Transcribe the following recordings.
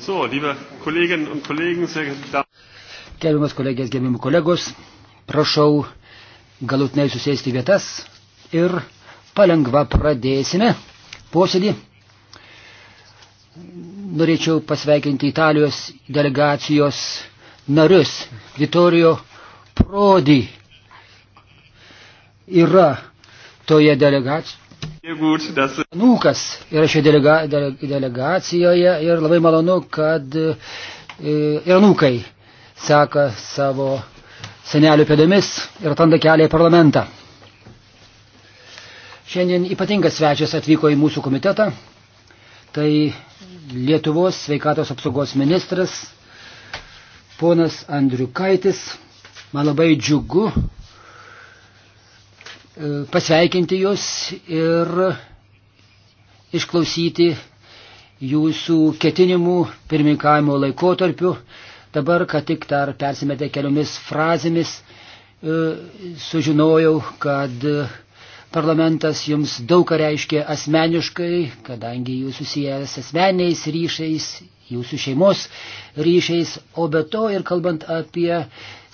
So, liebe Kolleginnen und Kollegen, sehr Gerbiamas kolegės, gerbiami kolegos, prašau galutinai susėsti vietas ir palengva pradėsime posėdį. Norėčiau pasveikinti Italijos delegacijos narius. Vittorio Prodi yra toje delegacijoje Nūkas yra šioje delega, dele, delegacijoje ir labai malonu, kad e, ir nūkai seka savo senelių pėdomis ir atranda kelią į parlamentą. Šiandien ypatingas svečias atvyko į mūsų komitetą. Tai Lietuvos sveikatos apsaugos ministras ponas Andriukaitis. Man labai džiugu, pasveikinti jūs ir išklausyti jūsų ketinimų pirmininkavimo laikotarpiu. Dabar, kad tik dar persimetė keliomis frazėmis, e, sužinojau, kad parlamentas jums daug ką reiškia asmeniškai, kadangi jūs susijęs asmeniais ryšiais jūsų šeimos ryšiais, o be to ir kalbant apie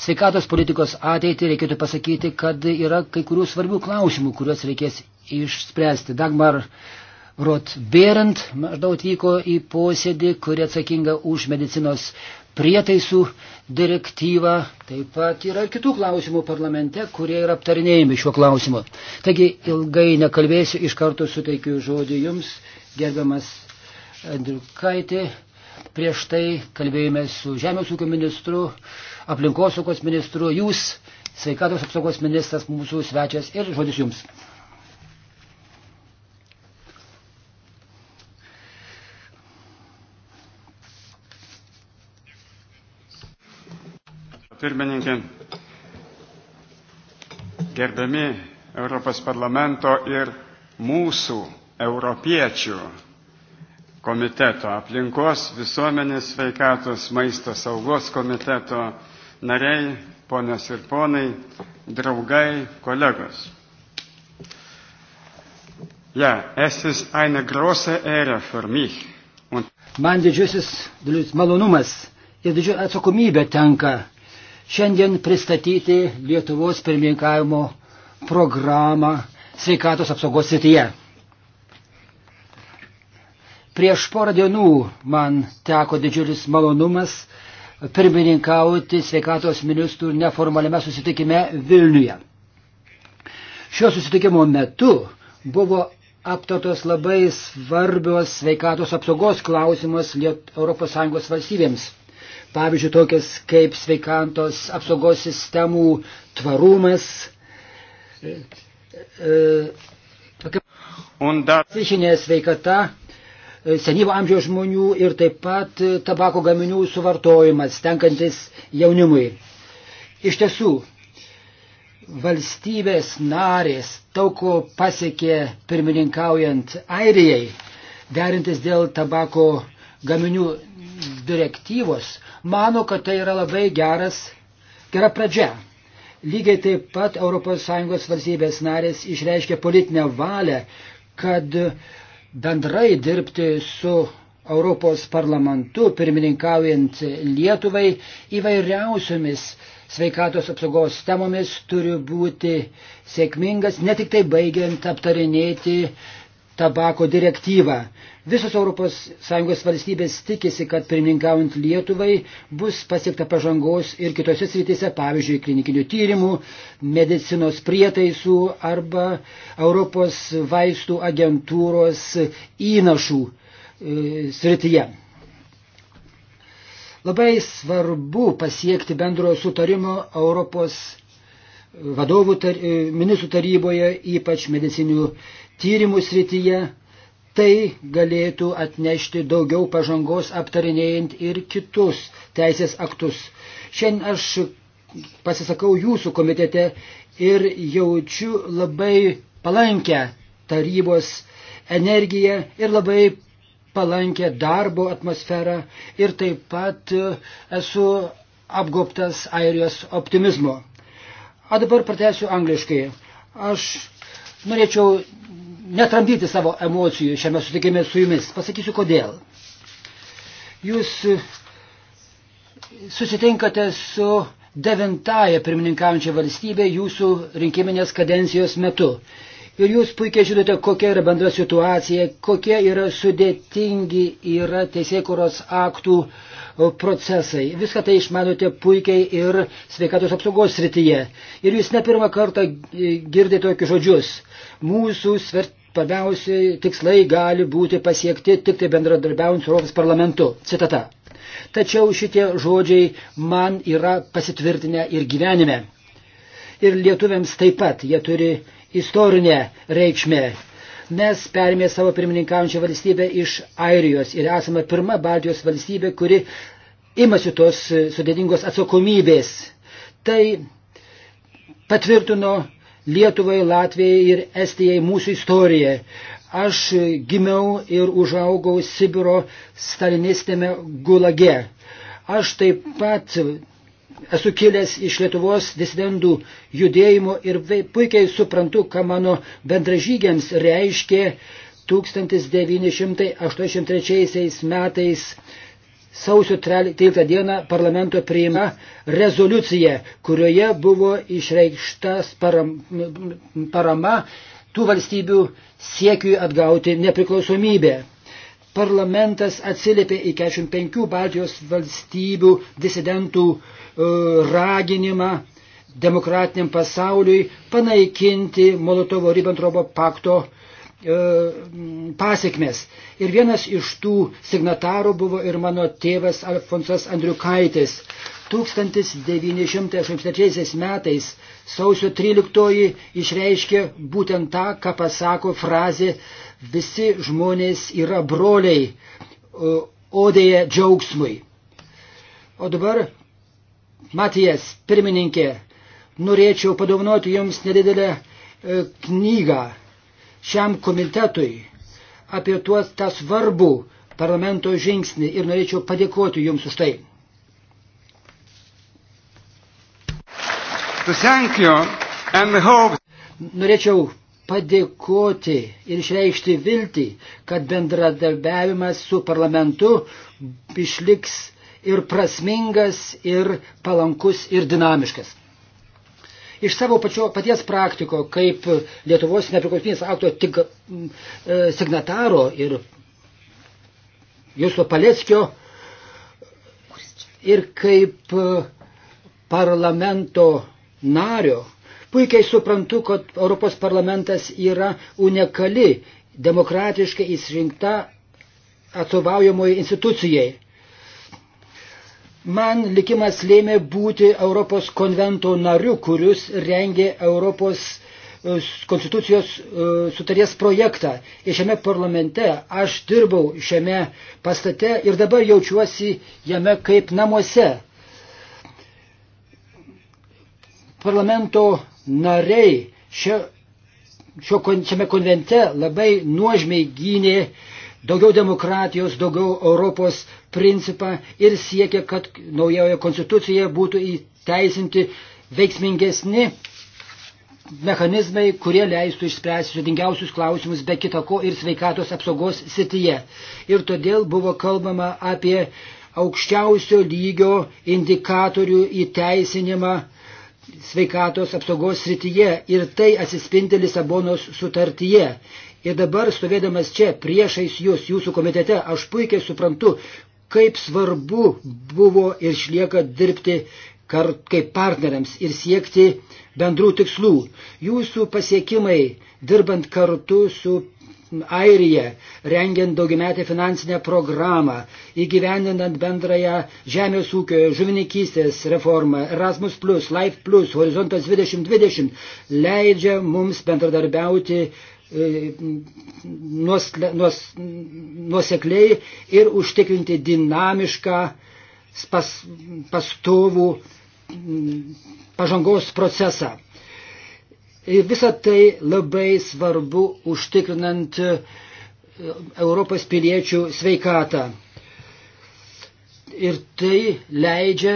sveikatos politikos ateitį, reikėtų pasakyti, kad yra kai kurių svarbių klausimų, kuriuos reikės išspręsti. Dagmar Rotberent maždaug atvyko į posėdį, kuri atsakinga už medicinos prietaisų direktyvą. Taip pat yra ir kitų klausimų parlamente, kurie yra aptarinėjami šiuo klausimu. Taigi ilgai nekalbėsiu, iš karto suteikiu žodį jums, gerbiamas Andriukaitė. Prieš tai kalbėjome su Žemės ūkio ministru, aplinkosaugos ministru, jūs, sveikatos apsaugos ministras, mūsų svečias ir žodis jums. Pirmininkė, gerbiami Europos parlamento ir mūsų europiečių komiteto, aplinkos visuomenės sveikatos maisto saugos komiteto nariai, ponios ir ponai, draugai, kolegos. Ja, es ist eine große Ehre für mich. Und Man didžiusis malonumas ir didžiulė atsakomybė tenka šiandien pristatyti Lietuvos pirmininkavimo programą sveikatos apsaugos srityje. Prieš porą dienų man teko didžiulis malonumas pirmininkauti sveikatos ministrų neformaliame susitikime Vilniuje. Šio susitikimo metu buvo aptartos labai svarbios sveikatos apsaugos klausimas ES valstybėms. Pavyzdžiui, tokias kaip sveikatos apsaugos sistemų tvarumas, e, e, psichinė sveikata E, senyvo amžiaus žmonių ir taip pat e, tabako gaminių suvartojimas tenkantis jaunimui. Iš tiesų, valstybės narės tauko pasiekė pirmininkaujant Airijai, derintis dėl tabako gaminių direktyvos, mano, kad tai yra labai geras, gera pradžia. Lygiai taip pat ES valstybės narės išreiškė politinę valią, kad bendrai dirbti su Europos parlamentu, pirmininkaujant Lietuvai, įvairiausiomis sveikatos apsaugos temomis turi būti sėkmingas, ne tik tai baigiant aptarinėti tabako direktyvą. Visos ES valstybės tikisi, kad pirmininkaujant Lietuvai bus pasiekta pažangos ir kitose srityse, pavyzdžiui, klinikinių tyrimų, medicinos prietaisų arba Europos vaistų agentūros įnašų e, srityje. Labai svarbu pasiekti bendrojo sutarimo Europos vadovų tar, e, ministrų taryboje, ypač medicinių tyrimų srityje, tai galėtų atnešti daugiau pažangos aptarinėjant ir kitus teisės aktus. Šiandien aš pasisakau jūsų komitete ir jaučiu labai palankę tarybos energiją ir labai palankę darbo atmosferą ir taip pat e, esu apgoptas airijos optimizmo. O dabar pratęsiu angliškai. Aš norėčiau netramdyti savo emocijų šiame sutikime su jumis. Pasakysiu kodėl. Jūs e, susitinkate su devintąją pirmininkaujančią valstybę jūsų rinkiminės kadencijos metu. Ir jūs puikiai žinote, kokia yra bendra situacija, kokie yra sudėtingi yra teisėkuros aktų procesai. Viską tai išmanote puikiai ir sveikatos apsaugos srityje. Ir jūs ne pirmą kartą girdite tokius žodžius. Mūsų svarbiausi tikslai gali būti pasiekti tik tai bendradarbiaujant su Europos parlamentu. Citata. Tačiau šitie žodžiai man yra pasitvirtinę ir gyvenime. Ir lietuviams taip pat jie turi istorinę reikšmę. Mes perėmė savo pirmininkaujančią valstybę iš Airijos ir esame pirma Baltijos valstybė, kuri imasi tos sudėtingos atsakomybės. Tai patvirtino Lietuvai, Latvijai ir Estijai mūsų istoriją. Aš gimiau ir užaugau Sibiro stalinistėme gulage. Aš taip pat esu kilęs iš Lietuvos disidentų judėjimo ir puikiai suprantu, ką mano bendražygiams reiškė 1983 metais sausio 13 dieną parlamento priima rezoliucija, kurioje buvo išreikštas param, parama tų valstybių siekiui atgauti nepriklausomybę parlamentas atsiliepė į 45 Baltijos valstybių disidentų e, raginimą demokratiniam pasauliui panaikinti Molotovo-Ribbentropo pakto e, pasiekmes. Ir vienas iš tų signatarų buvo ir mano tėvas Alfonsas Andriukaitis. 1983 metais Sausio 13 išreiškė būtent tą, ką pasako frazė visi žmonės yra broliai odėje džiaugsmui. O dabar, Matijas, pirmininkė, norėčiau padovanoti Jums nedidelę e, knygą šiam komitetui apie tuos tą svarbų parlamento žingsnį ir norėčiau padėkoti Jums už tai. Norėčiau padėkoti ir išreikšti viltį, kad bendradarbiavimas su parlamentu išliks ir prasmingas, ir palankus, ir dinamiškas. Iš savo pačio, paties praktiko, kaip Lietuvos nepriklausomybės akto tik, e, signataro ir Jūsų Paleckio ir kaip e, parlamento nario. Puikiai suprantu, kad Europos parlamentas yra unikali, demokratiškai išrinkta atstovaujamoji institucijai. Man likimas lėmė būti Europos konvento nariu, kuris rengė Europos e, konstitucijos e, sutarties projektą. Ir šiame parlamente aš dirbau šiame pastate ir dabar jaučiuosi jame kaip namuose. parlamento nariai šia, šio, šiame konvente labai nuožmiai gynė daugiau demokratijos, daugiau Europos principą ir siekia, kad naujoje konstitucijoje būtų įteisinti veiksmingesni mechanizmai, kurie leistų išspręsti sudingiausius klausimus, be kita ko ir sveikatos apsaugos sityje. Ir todėl buvo kalbama apie aukščiausio lygio indikatorių įteisinimą sveikatos apsaugos srityje ir tai atsispinti Lisabonos sutartyje. Ir dabar stovėdamas čia priešais jūs, jūsų komitete, aš puikiai suprantu, kaip svarbu buvo ir išlieka dirbti kart, kaip partneriams ir siekti bendrų tikslų. Jūsų pasiekimai, dirbant kartu su Airija, rengiant daugiametę finansinę programą, įgyvendinant bendrąją žemės ūkio, žuvininkystės reformą, Erasmus, Life, Horizontas 2020 leidžia mums bendradarbiauti e, nuosekliai ir užtikrinti dinamišką, pas, pastovų pažangos procesą. E, Visą tai labai svarbu užtikrinant e, Europos piliečių sveikatą. Ir tai leidžia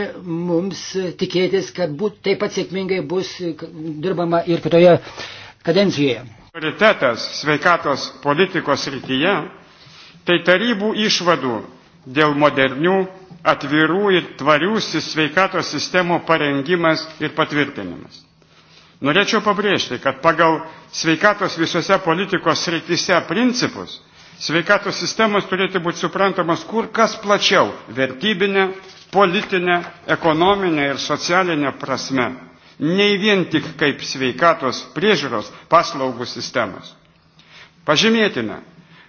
mums tikėtis, kad būt, taip pat sėkmingai bus dirbama ir kitoje kadencijoje. Prioritetas sveikatos politikos rytyje tai tarybų išvadų dėl modernių, atvirų ir tvarių sveikatos sistemų parengimas ir patvirtinimas. Norėčiau pabrėžti, kad pagal sveikatos visose politikos srityse principus sveikatos sistemos turėtų būti suprantamas kur kas plačiau - vertybinė, politinė, ekonominė ir socialinė prasme, nei vien tik kaip sveikatos priežiūros paslaugų sistemos. Pažymėtina,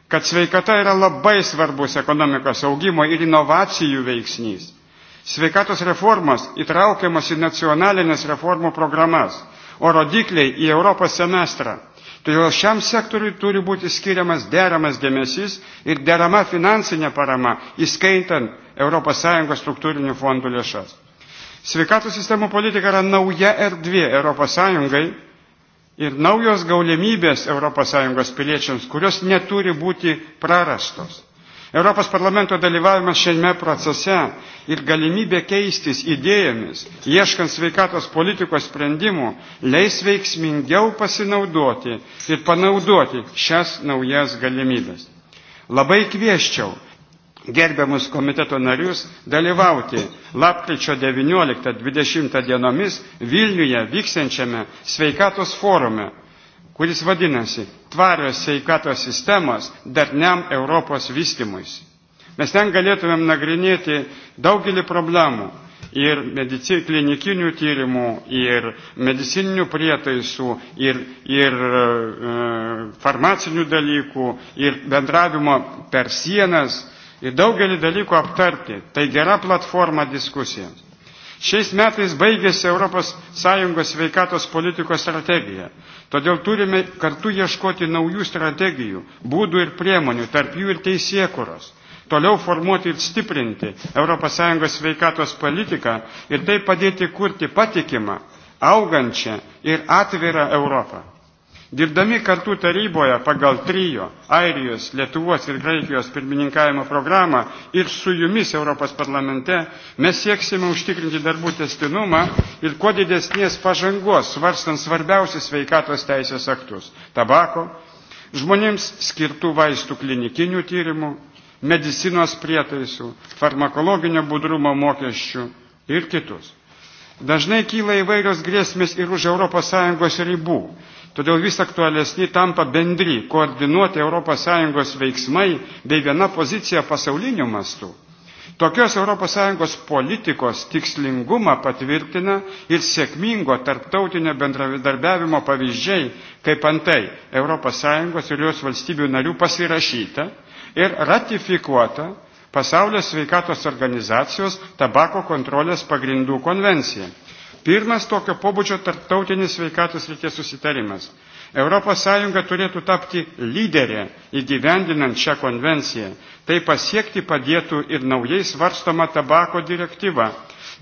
kad sveikata yra labai svarbus ekonomikos augimo ir inovacijų veiksnys. Sveikatos reformas įtraukiamas į nacionalinės reformų programas o rodikliai į Europos semestrą. Todėl šiam sektoriui turi būti skiriamas deramas dėmesys ir derama finansinė parama, įskaitant ES struktūrinių fondų lėšas. Sveikatos sistemų politika yra nauja erdvė ES ir naujos gaulimybės ES piliečiams, kurios neturi būti prarastos. Europos parlamento dalyvavimas šiame procese ir galimybė keistis idėjomis, ieškant sveikatos politikos sprendimų, leis veiksmingiau pasinaudoti ir panaudoti šias naujas galimybės. Labai kvieščiau gerbiamus komiteto narius dalyvauti lapkričio 19-20 dienomis Vilniuje vyksiančiame sveikatos forume kuris vadinasi tvarios sveikatos sistemos darniam Europos vystimuisi. Mes ten galėtumėm nagrinėti daugelį problemų ir medici, klinikinių tyrimų, ir medicininių prietaisų, ir, ir e, farmacinių dalykų, ir bendravimo per sienas, ir daugelį dalykų aptarti. Tai gera platforma diskusijoms. Šiais metais baigėsi ES sveikatos politikos strategija, todėl turime kartu ieškoti naujų strategijų, būdų ir priemonių, tarp jų ir teisėkuros, toliau formuoti ir stiprinti ES sveikatos politiką ir taip padėti kurti patikimą, augančią ir atvirą Europą. Dirbdami kartu taryboje pagal trijo Airijos, Lietuvos ir Graikijos pirmininkavimo programą ir su jumis Europos parlamente mes sieksime užtikrinti darbų testinumą ir kuo didesnės pažangos svarstant svarbiausius sveikatos teisės aktus - tabako, žmonėms skirtų vaistų klinikinių tyrimų, medicinos prietaisų, farmakologinio budrumo mokesčių ir kitus. Dažnai kyla įvairios grėsmės ir už ES ribų, todėl vis aktualesni tampa bendri, koordinuoti ES veiksmai bei viena pozicija pasauliniu mastu. Tokios ES politikos tikslingumą patvirtina ir sėkmingo tarptautinio bendradarbiavimo pavyzdžiai, kaip antai ES ir jos valstybių narių pasirašyta ir ratifikuota Pasaulio sveikatos organizacijos tabako kontrolės pagrindų konvencija. Pirmas tokio pobūdžio tarptautinis sveikatos ryties susitarimas. ES turėtų tapti lyderė įgyvendinant šią konvenciją. Tai pasiekti padėtų ir naujai svarstoma tabako direktyva,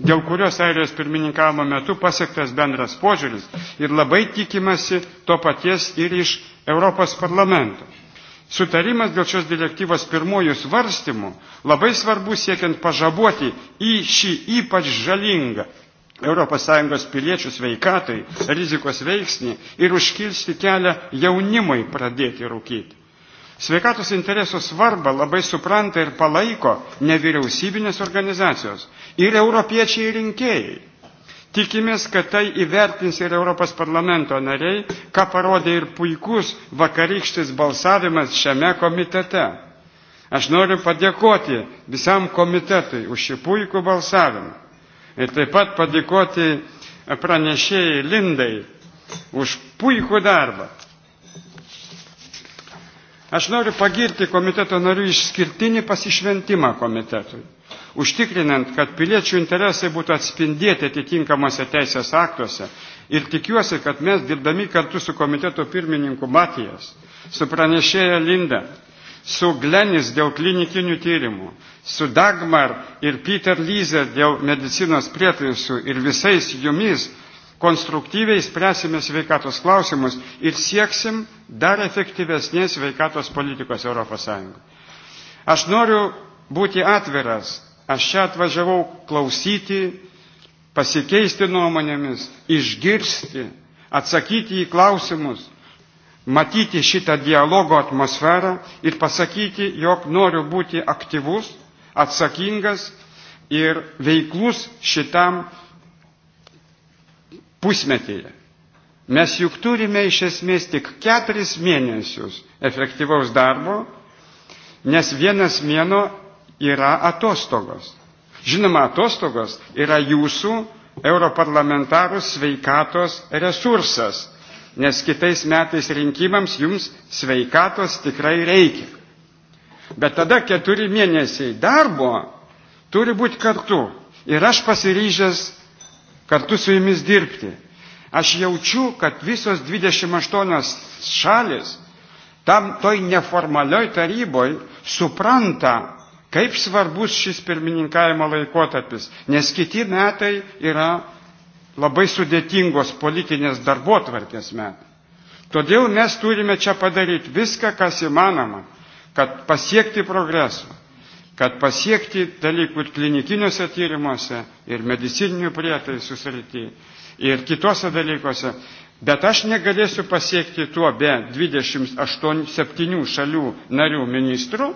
dėl kurios Airijos pirmininkavimo metu pasiektas bendras požiūris ir labai tikimasi to paties ir iš Europos parlamento. Sutarimas dėl šios direktyvos pirmojų svarstymų labai svarbus siekiant pažaboti į šį ypač žalingą ES piliečių sveikatai rizikos veiksnį ir užkirsti kelią jaunimui pradėti rūkyti. Sveikatos interesų svarbą labai supranta ir palaiko nevyriausybinės organizacijos ir europiečiai rinkėjai. Tikimės, kad tai įvertins ir Europos parlamento nariai, ką parodė ir puikus vakarykštis balsavimas šiame komitete. Aš noriu padėkoti visam komitetui už šį puikų balsavimą. Ir taip pat padėkoti pranešėjai Lindai už puikų darbą. Aš noriu pagirti komiteto narių išskirtinį pasišventimą komitetui užtikrinant, kad piliečių interesai būtų atspindėti atitinkamuose teisės aktuose. Ir tikiuosi, kad mes dirbdami kartu su komiteto pirmininku Matijas, su pranešėja Linda, su Glenis dėl klinikinių tyrimų, su Dagmar ir Peter Lyze dėl medicinos prietaisų ir visais jumis konstruktyviai spręsime sveikatos klausimus ir sieksim dar efektyvesnės sveikatos politikos ES. Aš noriu būti atviras Aš čia atvažiavau klausyti, pasikeisti nuomonėmis, išgirsti, atsakyti į klausimus, matyti šitą dialogo atmosferą ir pasakyti, jog noriu būti aktyvus, atsakingas ir veiklus šitam pusmetyje. Mes juk turime iš esmės tik keturis mėnesius efektyvaus darbo, nes vienas mėno yra atostogos. Žinoma, atostogos yra jūsų europarlamentarų sveikatos resursas, nes kitais metais rinkimams jums sveikatos tikrai reikia. Bet tada keturi mėnesiai darbo turi būti kartu. Ir aš pasiryžęs kartu su jumis dirbti. Aš jaučiu, kad visos 28 šalis tam toj neformalioj taryboj supranta, Kaip svarbus šis pirmininkavimo laikotarpis, nes kiti metai yra labai sudėtingos politinės darbo tvarkės metai. Todėl mes turime čia padaryti viską, kas įmanoma, kad pasiekti progreso, kad pasiekti dalykų ir klinikiniuose tyrimuose, ir medicininių prietaisų srityje, ir kitose dalykuose. Bet aš negalėsiu pasiekti tuo be 28-7 šalių narių ministrų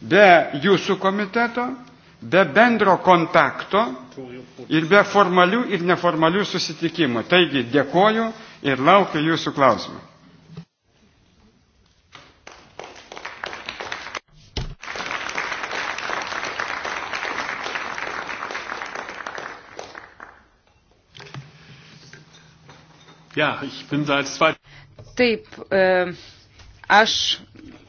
be jūsų komiteto, be bendro kontakto ir be formalių ir neformalių susitikimų. Taigi dėkoju ir laukiu jūsų klausimų. Ja, ich bin seit zwei Taip, e, aš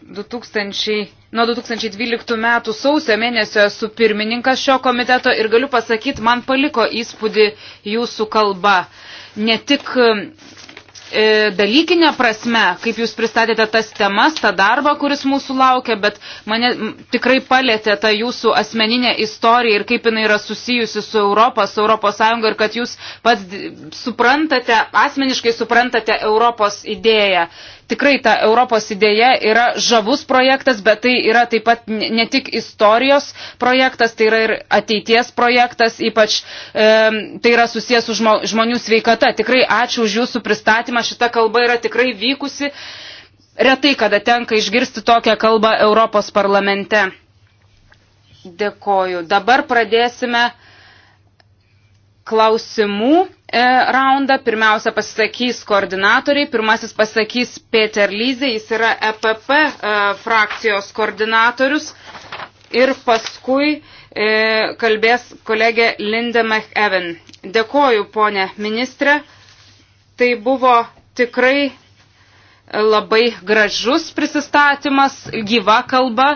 2000, nuo 2012 metų sausio mėnesio esu pirmininkas šio komiteto ir galiu pasakyti, man paliko įspūdį jūsų kalba. Ne tik e, dalykinė prasme, kaip jūs pristatėte tas temas, tą darbą, kuris mūsų laukia, bet mane tikrai palėtė ta jūsų asmeninė istorija ir kaip jinai yra susijusi su Europos, su Europos Sąjunga ir kad jūs pats suprantate, asmeniškai suprantate Europos idėją tikrai ta Europos idėja yra žavus projektas, bet tai yra taip pat ne tik istorijos projektas, tai yra ir ateities projektas, ypač e, tai yra susijęs su žmo, žmonių sveikata. Tikrai ačiū už jūsų pristatymą, šita kalba yra tikrai vykusi. Retai, kada tenka išgirsti tokią kalbą Europos parlamente. Dėkoju. Dabar pradėsime klausimų e, raundą. Pirmiausia pasisakys koordinatoriai, pirmasis pasisakys Peter Lyzė, jis yra EPP e, frakcijos koordinatorius ir paskui e, kalbės kolegė Linda McEwen. Dėkoju, ponė ministrė. Tai buvo tikrai labai gražus prisistatymas, gyva kalba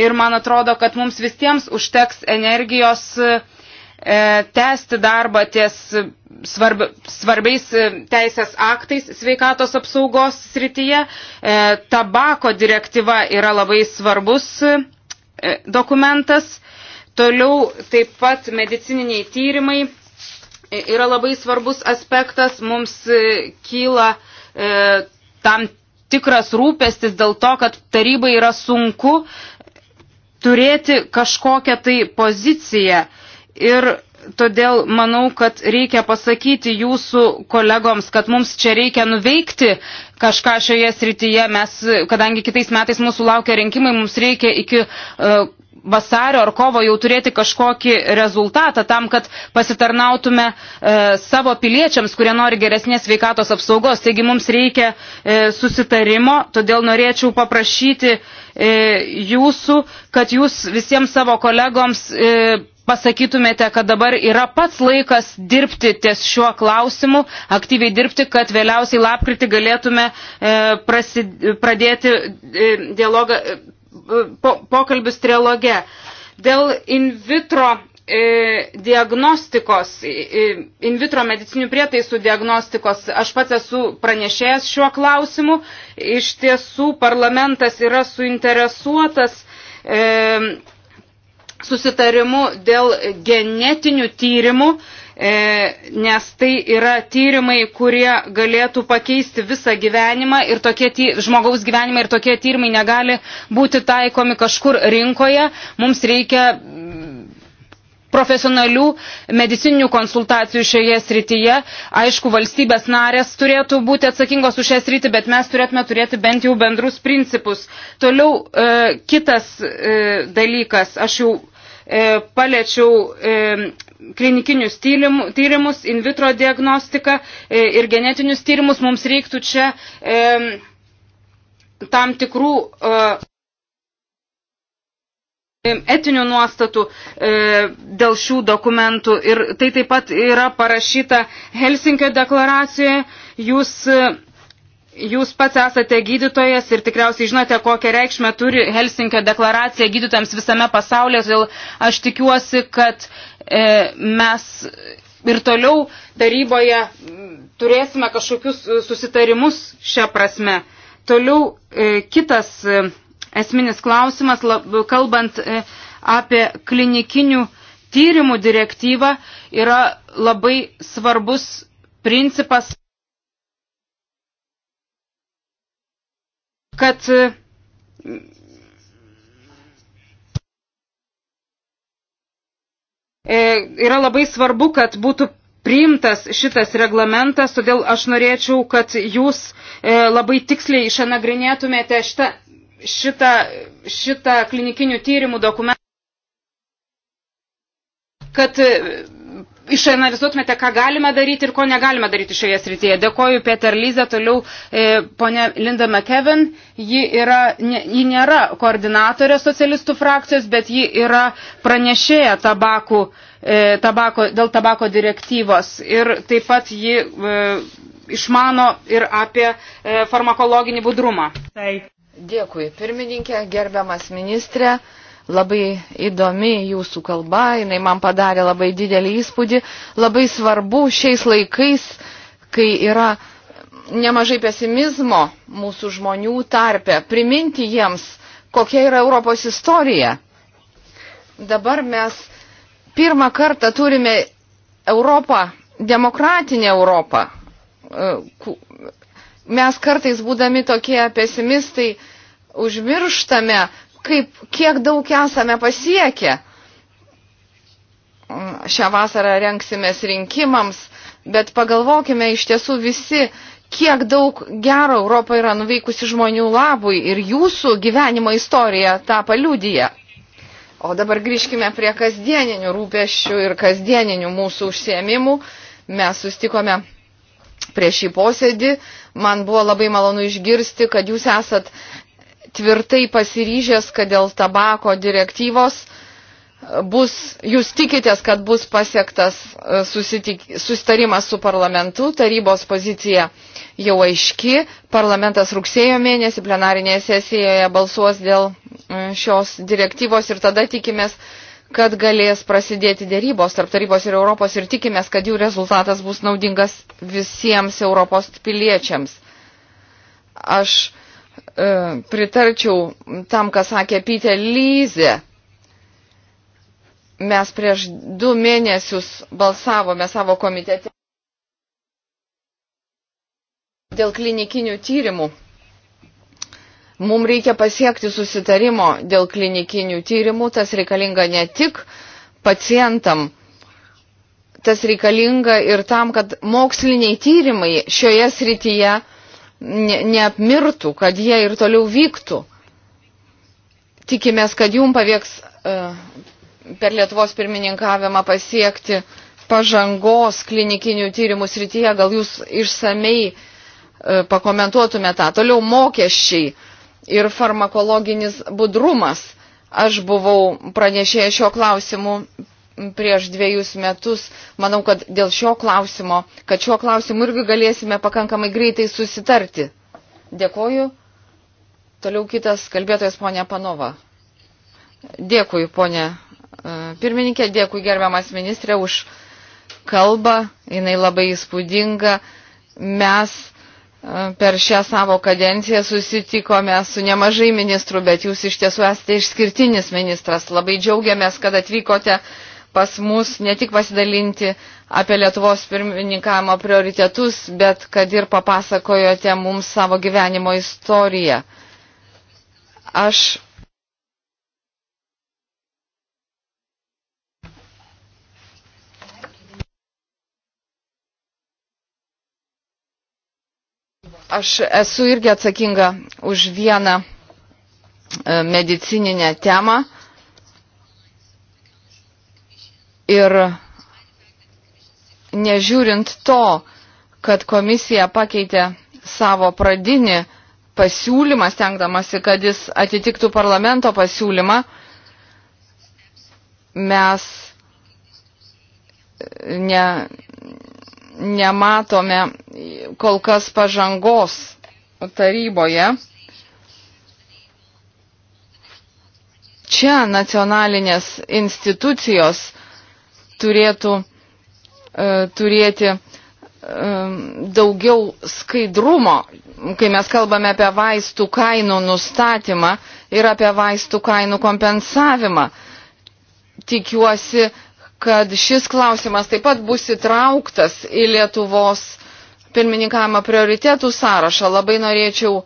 ir man atrodo, kad mums visiems užteks energijos uh, E, tęsti darbą ties svarb, svarbiais e, teisės aktais sveikatos apsaugos srityje. E, tabako direktyva yra labai svarbus dokumentas. Toliau taip pat medicininiai tyrimai yra labai svarbus aspektas. Mums kyla tam tikras rūpestis dėl to, kad tarybai yra sunku turėti kažkokią tai poziciją. E, Ir todėl manau, kad reikia pasakyti jūsų kolegoms, kad mums čia reikia nuveikti kažką šioje srityje. Mes, kadangi kitais metais mūsų laukia rinkimai, mums reikia iki uh, vasario ar kovo jau turėti kažkokį rezultatą tam, kad pasitarnautume e, savo piliečiams, kurie nori geresnės sveikatos apsaugos. Taigi mums reikia e, susitarimo, todėl norėčiau paprašyti e, jūsų, kad jūs visiems savo kolegoms e, pasakytumėte, kad dabar yra pats laikas dirbti ties šiuo klausimu, aktyviai dirbti, kad vėliausiai lapkritį galėtume e, prasi, pradėti e, dialogą, e, e po, pokalbius trialoge. Dėl in vitro e, diagnostikos, e, e, in vitro medicinių prietaisų diagnostikos, aš pats esu pranešėjęs šiuo klausimu, iš tiesų parlamentas yra suinteresuotas e, susitarimu dėl genetinių tyrimų, e, nes tai yra tyrimai, kurie galėtų pakeisti visą gyvenimą ir tokie ty, žmogaus gyvenimą ir tokie tyrimai negali būti taikomi kažkur rinkoje. Mums reikia mm, profesionalių medicininių konsultacijų šioje srityje. Aišku, valstybės narės turėtų būti atsakingos už šią sritį, bet mes turėtume turėti bent jau bendrus principus. Toliau e, kitas e, dalykas, aš jau E, paliečiau e, klinikinius tyrimus, in vitro diagnostiką e, ir genetinius tyrimus. Mums reiktų čia tam tikrų etinių nuostatų dėl šių dokumentų ir tai taip pat yra parašyta Helsinkio deklaracijoje. Jūs Jūs pats esate gydytojas ir tikriausiai žinote, kokią reikšmę turi Helsinkio deklaracija gydytojams visame pasaulyje. Todėl aš tikiuosi, kad e, mes ir toliau taryboje turėsime kažkokius e, susitarimus šią prasme. Toliau e, kitas e, esminis klausimas, lab, kalbant e, apie klinikinių tyrimų direktyvą, yra labai svarbus principas. kad e, yra labai svarbu, kad būtų priimtas šitas reglamentas, todėl aš norėčiau, kad jūs e, labai tiksliai išanagrinėtumėte šitą, šitą, šitą klinikinių tyrimų dokumentą, kad išanalizuotumėte, ką galime daryti ir ko negalime daryti šioje srityje. Dėkoju Peter Lyze, toliau e, ponė Linda McKevin, ji, yra, ne, ji nėra koordinatorė socialistų frakcijos, bet ji yra pranešėja tabakų, e, tabako, dėl tabako direktyvos ir taip pat ji e, išmano ir apie e, farmakologinį budrumą. Taip. Dėkui, pirmininkė, gerbiamas ministrė labai įdomi jūsų kalba, jinai man padarė labai didelį įspūdį. Labai svarbu šiais laikais, kai yra nemažai pesimizmo mūsų žmonių tarpe, priminti jiems, kokia yra Europos istorija. Dabar mes pirmą kartą turime Europą, demokratinę Europą. E, mes kartais būdami tokie pesimistai užmirštame, kaip, kiek daug esame pasiekę. Šią vasarą renksimės rinkimams, bet pagalvokime iš tiesų visi, kiek daug gero Europą yra nuveikusi žmonių labui ir jūsų gyvenimo istorija tą paliudyja. O dabar grįžkime prie kasdieninių rūpešių ir kasdieninių mūsų užsiemimų. Mes sustikome prieš šį posėdį. Man buvo labai malonu išgirsti, kad jūs esat tvirtai pasiryžęs, kad dėl tabako direktyvos e, bus, jūs tikitės, kad bus pasiektas e, susitik, sustarimas su parlamentu, tarybos pozicija jau aiški, parlamentas rugsėjo mėnesį plenarinėje sesijoje balsuos dėl šios direktyvos ir tada tikimės, kad galės prasidėti dėrybos tarp tarybos ir Europos ir tikimės, kad jų rezultatas bus naudingas visiems Europos piliečiams. Aš E, pritarčiau tam, ką sakė Pytė Lyzė. Mes prieš du mėnesius balsavome savo komitete dėl klinikinių tyrimų. Mums reikia pasiekti susitarimo dėl klinikinių tyrimų, tas reikalinga ne tik pacientam, tas reikalinga ir tam, kad moksliniai tyrimai šioje srityje ne, neapmirtų, kad jie ir toliau vyktų. Tikimės, kad jum pavyks e, per Lietuvos pirmininkavimą pasiekti pažangos klinikinių tyrimų srityje. Gal jūs išsamei e, pakomentuotumėte tą. Toliau mokesčiai ir farmakologinis budrumas. Aš buvau pranešėję šio klausimu prieš dviejus metus. Manau, kad dėl šio klausimo, kad šio klausimu irgi galėsime pakankamai greitai susitarti. Dėkoju. Toliau kitas kalbėtojas ponė Panova. Dėkui, ponė e, pirmininkė, dėkui gerbiamas ministrė už kalbą, jinai labai įspūdinga. Mes e, per šią savo kadenciją susitikome su nemažai ministrų, bet jūs iš tiesų esate išskirtinis ministras. Labai džiaugiamės, kad atvykote pas mus ne tik pasidalinti apie Lietuvos pirmininkavimo prioritetus, bet kad ir papasakojote mums savo gyvenimo istoriją. Aš Aš esu irgi atsakinga už vieną e, medicininę temą Ir nežiūrint to, kad komisija pakeitė savo pradinį pasiūlymą, stengdamasi, kad jis atitiktų parlamento pasiūlymą, mes e, ne, nematome kol kas pažangos taryboje. Čia nacionalinės institucijos turėtų e, turėti e, daugiau skaidrumo, kai mes kalbame apie vaistų kainų nustatymą ir apie vaistų kainų kompensavimą. Tikiuosi, kad šis klausimas taip pat bus įtrauktas į Lietuvos pirmininkavimo prioritėtų sąrašą. Labai norėčiau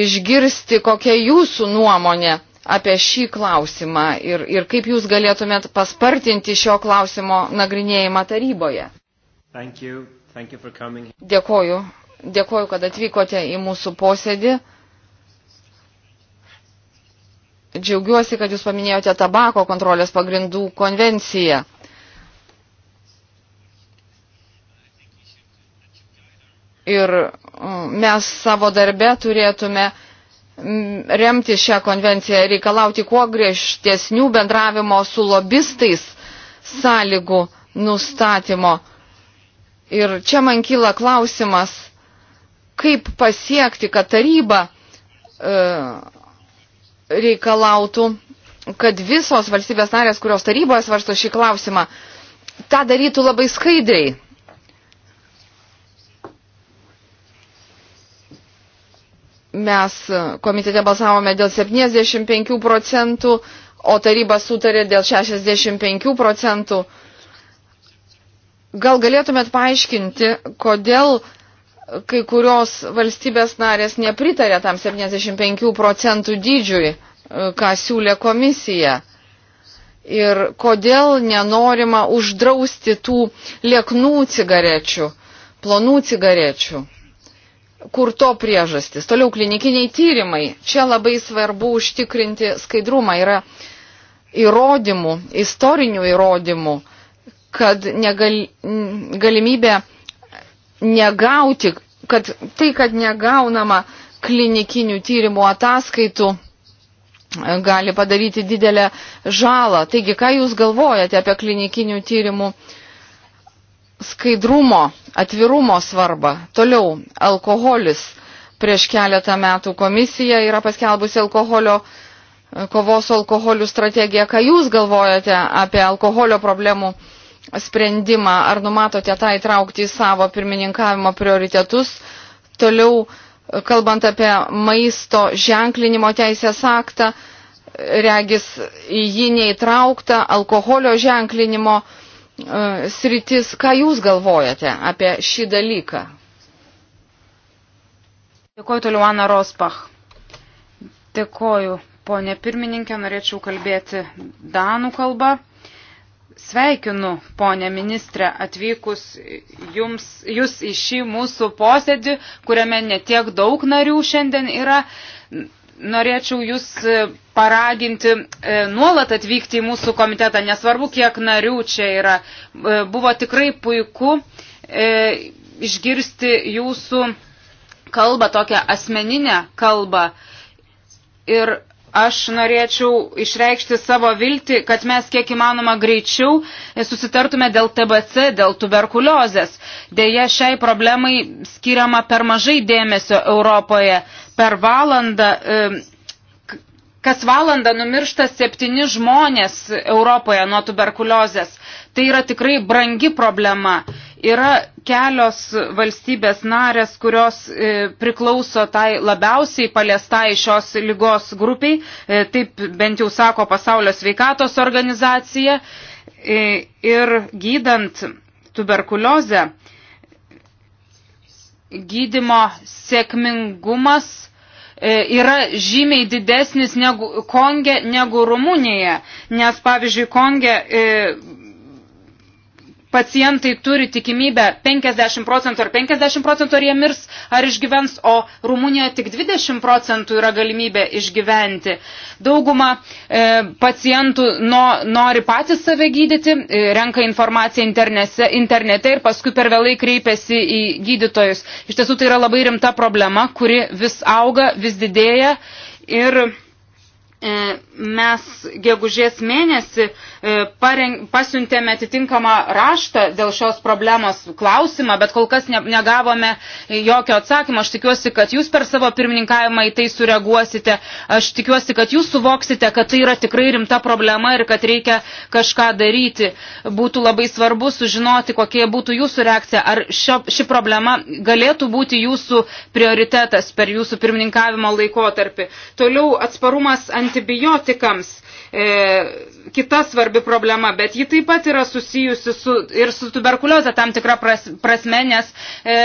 išgirsti, kokia jūsų nuomonė apie šį klausimą ir, ir kaip jūs galėtumėt paspartinti šio klausimo nagrinėjimą taryboje. Thank you. Thank you dėkoju. Dėkoju, kad atvykote į mūsų posėdį. Džiaugiuosi, kad jūs paminėjote tabako kontrolės pagrindų konvenciją. Ir mm, mes savo darbe turėtume uh, Mm, remti šią konvenciją, reikalauti kuo griežtesnių bendravimo su lobistais sąlygų nustatymo. Ir čia man kyla klausimas, kaip pasiekti, kad taryba e, reikalautų, kad visos valstybės narės, kurios taryboje svarsto šį klausimą, tą darytų labai skaidriai. Mes komitete balsavome dėl 75 procentų, o taryba sutarė dėl 65 procentų. Gal galėtumėt paaiškinti, kodėl kai kurios valstybės narės nepritarė tam 75 procentų dydžiui, e, ką siūlė komisija? ir kodėl nenorima uždrausti tų lieknų cigarečių, plonų cigarečių kur to priežastis. Toliau klinikiniai tyrimai. Čia labai svarbu užtikrinti skaidrumą. Yra įrodymų, istorinių įrodymų, kad negal, galimybė negauti, kad tai, kad negaunama klinikinių tyrimų ataskaitų, gali padaryti didelę žalą. Taigi, ką Jūs galvojate apie klinikinių tyrimų ataskaitų? skaidrumo, atvirumo svarbą. Toliau, alkoholis. Prieš keletą metų komisija yra paskelbusi alkoholio, e, kovos su alkoholiu strategiją. Ką jūs galvojate apie alkoholio problemų sprendimą? Ar numatote tą įtraukti į savo pirmininkavimo prioritetus? Toliau, e, kalbant apie maisto ženklinimo teisės aktą, e, regis į jį neįtraukta alkoholio ženklinimo teisės E, sritis. Ką Jūs galvojate apie šį dalyką? Dėkuoju toliau Ana Rospach. Dėkuoju, ponė pirmininkė, norėčiau kalbėti Danų kalbą. Sveikinu, ponė ministrė, atvykus jums, jūs į šį mūsų posėdį, kuriame netiek daug narių šiandien yra norėčiau jūs e, paraginti e, nuolat atvykti į mūsų komitetą, nesvarbu, kiek narių čia yra. E, buvo tikrai puiku išgirsti jūsų kalbą, tokią asmeninę kalbą. Ir aš norėčiau išreikšti savo viltį, kad mes kiek įmanoma greičiau susitartume dėl TBC, dėl tuberkuliozės. Deja, šiai problemai skiriama per mažai dėmesio Europoje per valandą, e, kas valandą numiršta septyni žmonės Europoje nuo tuberkuliozės. Tai yra tikrai brangi problema. Yra kelios valstybės narės, kurios e, priklauso tai labiausiai paliestai šios lygos grupiai, e, taip bent jau sako pasaulio sveikatos organizacija. Ir gydant tuberkuliozę, gydimo sėkmingumas E, yra žymiai didesnis negu Konge, negu Rumunijoje. Nes, pavyzdžiui, Konge e, pacientai turi tikimybę 50 procentų ar 50 procentų, ar jie mirs, ar išgyvens, o Rumunijoje tik 20 procentų yra galimybė išgyventi. Dauguma e, pacientų no, nori patys save gydyti, e, renka informaciją internete, internete ir paskui per vėlai kreipiasi į gydytojus. Iš tiesų tai yra labai rimta problema, kuri vis auga, vis didėja ir e, mes gegužės mėnesį E, pareng, pasiuntėme atitinkamą raštą dėl šios problemos klausimą, bet kol kas ne, negavome jokio atsakymo. Aš tikiuosi, kad jūs per savo pirmininkavimą į tai sureaguosite. Aš tikiuosi, kad jūs suvoksite, kad tai yra tikrai rimta problema ir kad reikia kažką daryti. Būtų labai svarbu sužinoti, kokie būtų jūsų reakcija. Ar šio, ši problema galėtų būti jūsų prioritetas per jūsų pirmininkavimo laikotarpį. Toliau atsparumas antibiotikams. E, kita svarbi problema, bet ji taip pat yra susijusi su, ir su tuberkulioze tam tikrą prasme, nes e,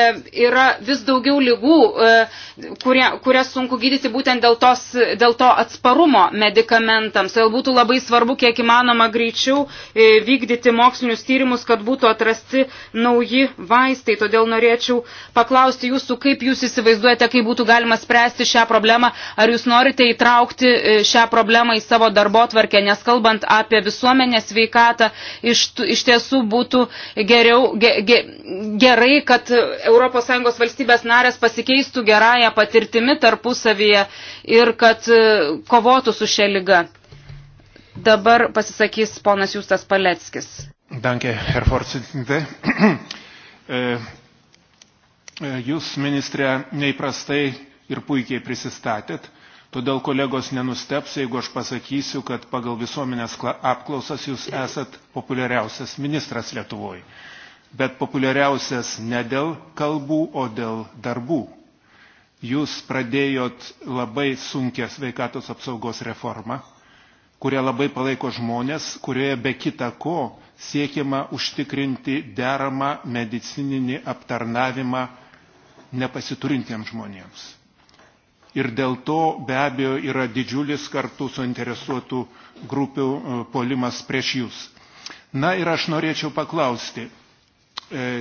yra vis daugiau lygų, e, kurie, kurias sunku gydyti būtent dėl, tos, dėl to atsparumo medikamentams. Jau būtų labai svarbu, kiek įmanoma greičiau e, vykdyti mokslinius tyrimus, kad būtų atrasti nauji vaistai. Todėl norėčiau paklausti jūsų, kaip jūs įsivaizduojate, kaip būtų galima spręsti šią problemą, ar jūs norite įtraukti e, šią problemą į savo darbo tvarkę, nes kalbant apie visuomenės veikatą, iš, iš tiesų būtų geriau, ge, ge, gerai, kad ES valstybės narės pasikeistų gerąją patirtimi tarpusavyje ir kad e, kovotų su šia lyga. Dabar pasisakys ponas Justas Paleckis. Danke, Herr Vorsitzende. E, e, jūs, ministrė, neįprastai ir puikiai prisistatėt. Todėl kolegos nenusteps, jeigu aš pasakysiu, kad pagal visuomenės apklausas jūs esat populiariausias ministras Lietuvoje. Bet populiariausias ne dėl kalbų, o dėl darbų. Jūs pradėjot labai sunkę sveikatos apsaugos reformą, kurią labai palaiko žmonės, kurioje be kita ko siekiama užtikrinti deramą medicininį aptarnavimą nepasiturintiems žmonėms ir dėl to be abejo yra didžiulis kartu suinteresuotų grupių e, polimas prieš jūs. Na ir aš norėčiau paklausti, e,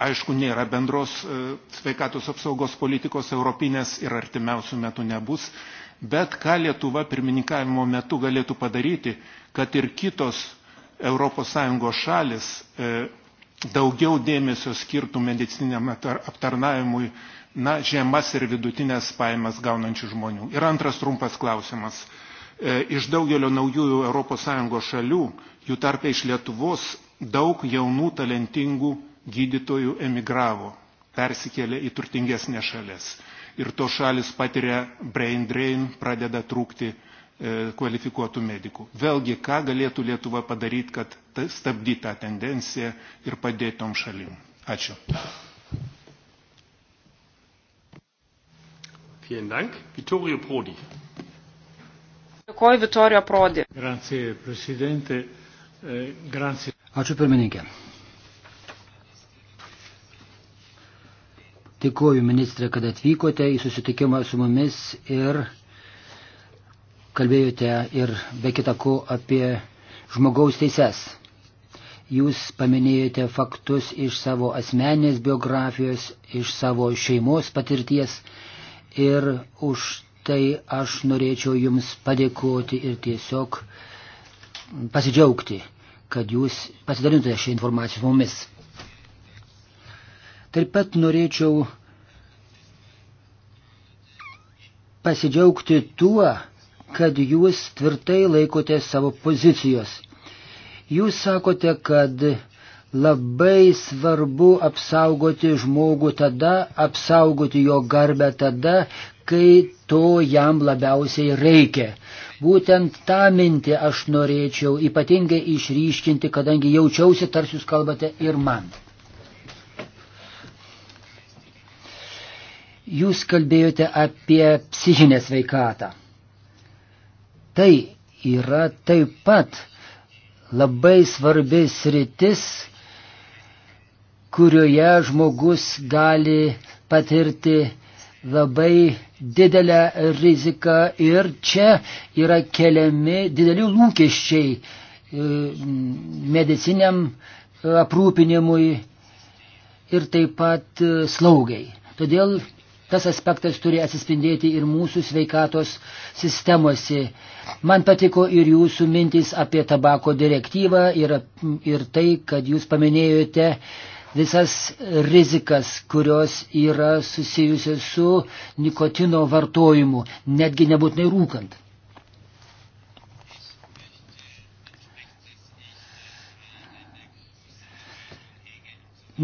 aišku, nėra bendros e, sveikatos apsaugos politikos europinės ir artimiausių metų nebus, bet ką Lietuva pirmininkavimo metu galėtų padaryti, kad ir kitos ES šalis daugiau dėmesio skirtų medicininiam aptarnavimui na, žemas ir vidutinės paėmas gaunančių žmonių. Ir antras trumpas klausimas. E, iš daugelio naujųjų ES šalių, jų tarpe iš Lietuvos, daug jaunų talentingų gydytojų emigravo, persikėlė į turtingesnės šalis. Ir to šalis patiria brain drain, pradeda trūkti E, kvalifikuotų medikų. Vėlgi, ką galėtų Lietuva padaryti, kad stabdyti tą tendenciją ir padėtom šalim. Ačiū. Vielen Dank. Vittorio Prodi. Dėkuoju Vittorio Prodi. Grazie, Presidente. Eh, grazie. Ačiū pirmininkė. Dėkuoju ministrė, kad atvykote į susitikimą su mumis ir kalbėjote ir be kitako apie žmogaus teises. Jūs paminėjote faktus iš savo asmeninės biografijos, iš savo šeimos patirties ir už tai aš norėčiau Jums padėkoti ir tiesiog pasidžiaugti, kad Jūs pasidalintumėte šią informaciją su mumis. Taip pat norėčiau pasidžiaugti tuo, kad jūs tvirtai laikote savo pozicijos. Jūs sakote, kad labai svarbu apsaugoti žmogų tada, apsaugoti jo garbę tada, kai to jam labiausiai reikia. Būtent tą mintį aš norėčiau ypatingai išryškinti, kadangi jaučiausi, tarsi jūs kalbate ir man. Jūs kalbėjote apie psichinę sveikatą tai yra taip pat labai svarbi sritis, kurioje žmogus gali patirti labai didelę riziką ir čia yra keliami dideli lūkesčiai e, mediciniam aprūpinimui ir taip pat e, slaugai. Todėl tas aspektas turi atsispindėti ir mūsų sveikatos sistemose. Man patiko ir jūsų mintys apie tabako direktyvą ir, ir tai, kad jūs paminėjote visas rizikas, kurios yra susijusios su nikotino vartojimu, netgi nebūtinai rūkant.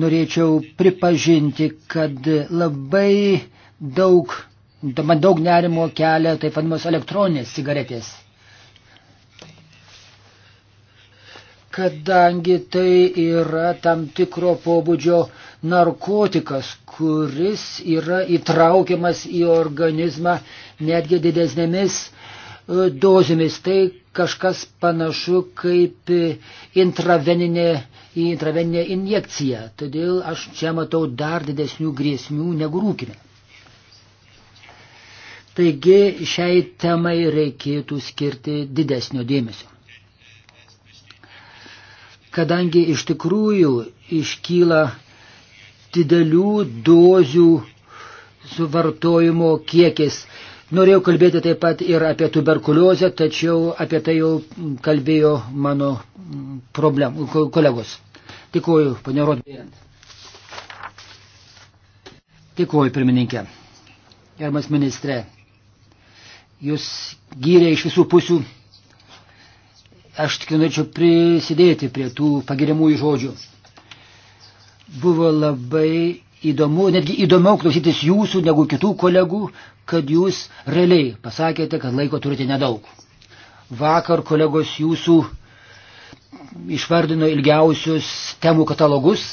norėčiau pripažinti, kad labai daug, man daug nerimo kelia taip vadinamos elektroninės cigaretės. Kadangi tai yra tam tikro pobūdžio narkotikas, kuris yra įtraukiamas į organizmą netgi didesnėmis e, dozėmis. Tai kažkas panašu kaip intraveninė į intraveninę injekciją. Todėl aš čia matau dar didesnių grėsmių negu rūkime. Taigi šiai temai reikėtų skirti didesnio dėmesio. Kadangi iš tikrųjų iškyla didelių dozių suvartojimo kiekis. Norėjau kalbėti taip pat ir apie tuberkuliozę, tačiau apie tai jau kalbėjo mano problem, kolegos. Dėkuoju, panė Rodbėjant. Dėkuoju, pirmininkė. Gerbiamas ministrė, jūs gyrė iš visų pusių. Aš tik norėčiau prisidėti prie tų pagiriamųjų žodžių. Buvo labai įdomu, netgi įdomiau klausytis jūsų negu kitų kolegų, kad jūs realiai pasakėte, kad laiko turite nedaug. Vakar kolegos jūsų išvardino ilgiausius temų katalogus.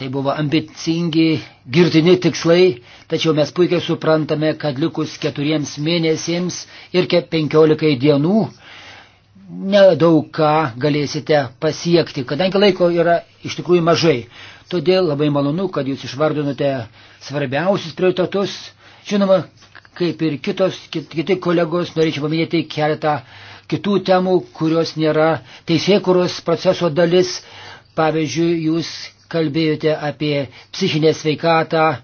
Tai buvo ambicingi, girtini tikslai, tačiau mes puikiai suprantame, kad likus keturiems mėnesiems ir penkiolikai dienų nedaug ką galėsite pasiekti, kadangi laiko yra iš tikrųjų mažai. Todėl labai malonu, kad jūs išvardinote svarbiausius prioritetus. Žinoma, kaip ir kitos, kit, kiti kolegos, norėčiau paminėti keletą uh, kitų temų, kurios nėra teisėkuros proceso dalis. Pavyzdžiui, jūs kalbėjote apie psichinę sveikatą e,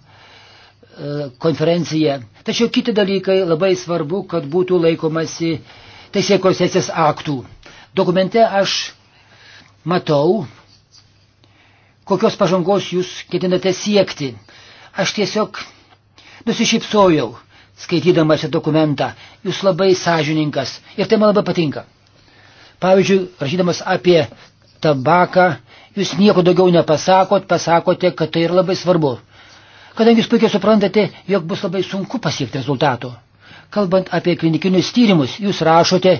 konferenciją. Tačiau kiti dalykai labai svarbu, kad būtų laikomasi teisėkos teisės aktų. Dokumente aš matau, kokios pažangos jūs ketinate siekti. Aš tiesiog nusišypsojau skaitydama šią dokumentą. Jūs labai sąžininkas ir tai man labai patinka. Pavyzdžiui, rašydamas apie tabaką, jūs nieko daugiau nepasakot, pasakote, kad tai yra labai svarbu. Kadangi jūs puikiai suprantate, jog bus labai sunku pasiekti rezultatų. Kalbant apie klinikinius tyrimus, jūs rašote,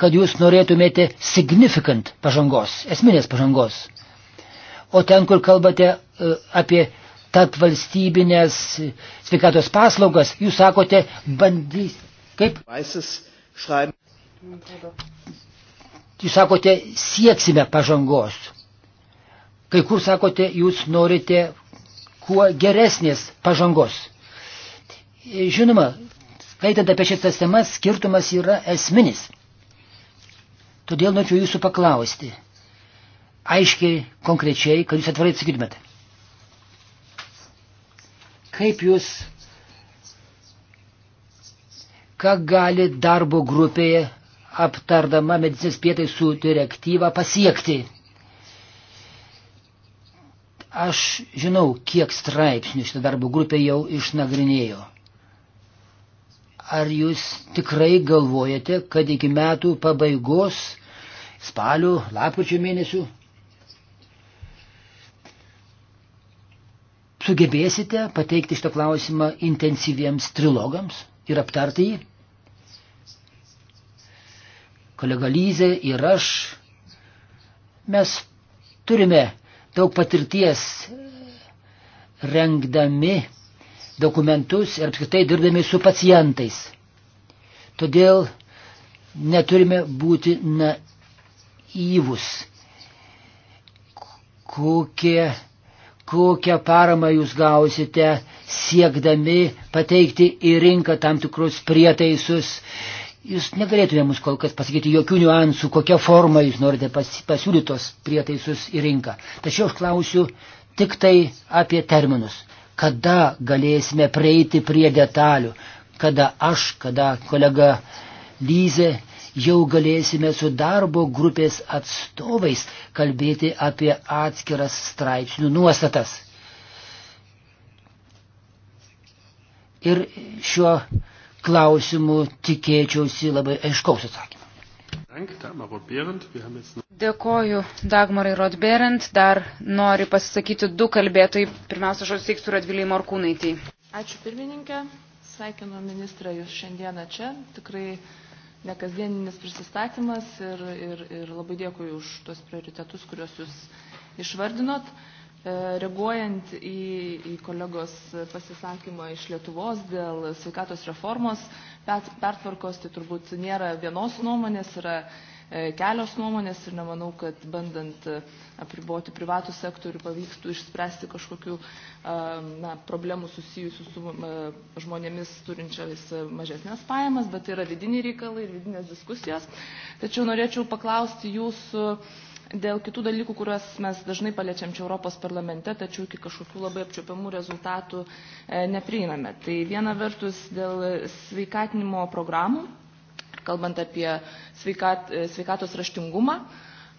kad jūs norėtumėte significant pažangos, esminės pažangos. O ten, kur kalbate e, apie tad valstybinės sveikatos paslaugas, jūs sakote, bandys. Kaip? Jūs sakote, sieksime pažangos. Kai kur sakote, jūs norite kuo geresnės pažangos. Žinoma, skaitant apie šitas temas, skirtumas yra esminis. Todėl norėčiau jūsų paklausti. Aiškiai, konkrečiai, kad jūs atvarai atsakytumėte. Kaip jūs, ką gali darbo grupėje aptardama medicinės pietaisų direktyvą pasiekti? Aš žinau, kiek straipsnių šitą darbo grupę jau išnagrinėjo. Ar jūs tikrai galvojate, kad iki metų pabaigos, spalių, lapkričio mėnesių, sugebėsite pateikti šitą klausimą intensyviems trilogams ir aptarti jį? Kolega Lyze ir aš, mes turime daug patirties e, rengdami dokumentus ir apskritai dirbdami su pacientais. Todėl neturime būti naivus. Kokie kokią paramą jūs gausite siekdami pateikti į rinką tam tikrus prietaisus. Jūs negalėtumėte mums kol kas pasakyti jokių niuansų, kokią formą jūs norite pasiūlyti tos prietaisus į rinką. Tačiau aš klausiu tik tai apie terminus. Kada galėsime prieiti prie detalių? Kada aš, kada kolega Lyze jau galėsime su darbo grupės atstovais kalbėti apie atskiras straipsnių nuostatas. Ir šiuo klausimu tikėčiausi labai aiškaus atsakymą. Dėkoju Dagmarai Rodberent. Dar noriu pasisakyti du kalbėtojai. Pirmiausia, žodžiu sėksiu Radviliai Morkūnaitai. Ačiū pirmininkė. Sveikinu ministrą jūs šiandieną čia. Tikrai nekasdieninis prisistatymas ir, ir, ir labai dėkui už tos prioritetus, kuriuos jūs išvardinot. E, reaguojant į, į kolegos pasisakymą iš Lietuvos dėl sveikatos reformos pertvarkos, tai turbūt nėra vienos nuomonės, yra E, kelios nuomonės ir nemanau, kad bandant e, apriboti privatų sektorių pavykstų išspręsti kažkokių e, na, problemų susijusių su žmonėmis turinčiais mažesnės pajamas, bet tai yra vidiniai reikalai ir vidinės diskusijos. Tačiau norėčiau paklausti jūsų dėl kitų dalykų, kuriuos mes dažnai paliečiam čia Europos parlamente, tačiau iki kažkokių labai apčiopiamų rezultatų neprieiname. Tai viena vertus dėl sveikatinimo programų kalbant apie sveikat, sveikatos raštingumą.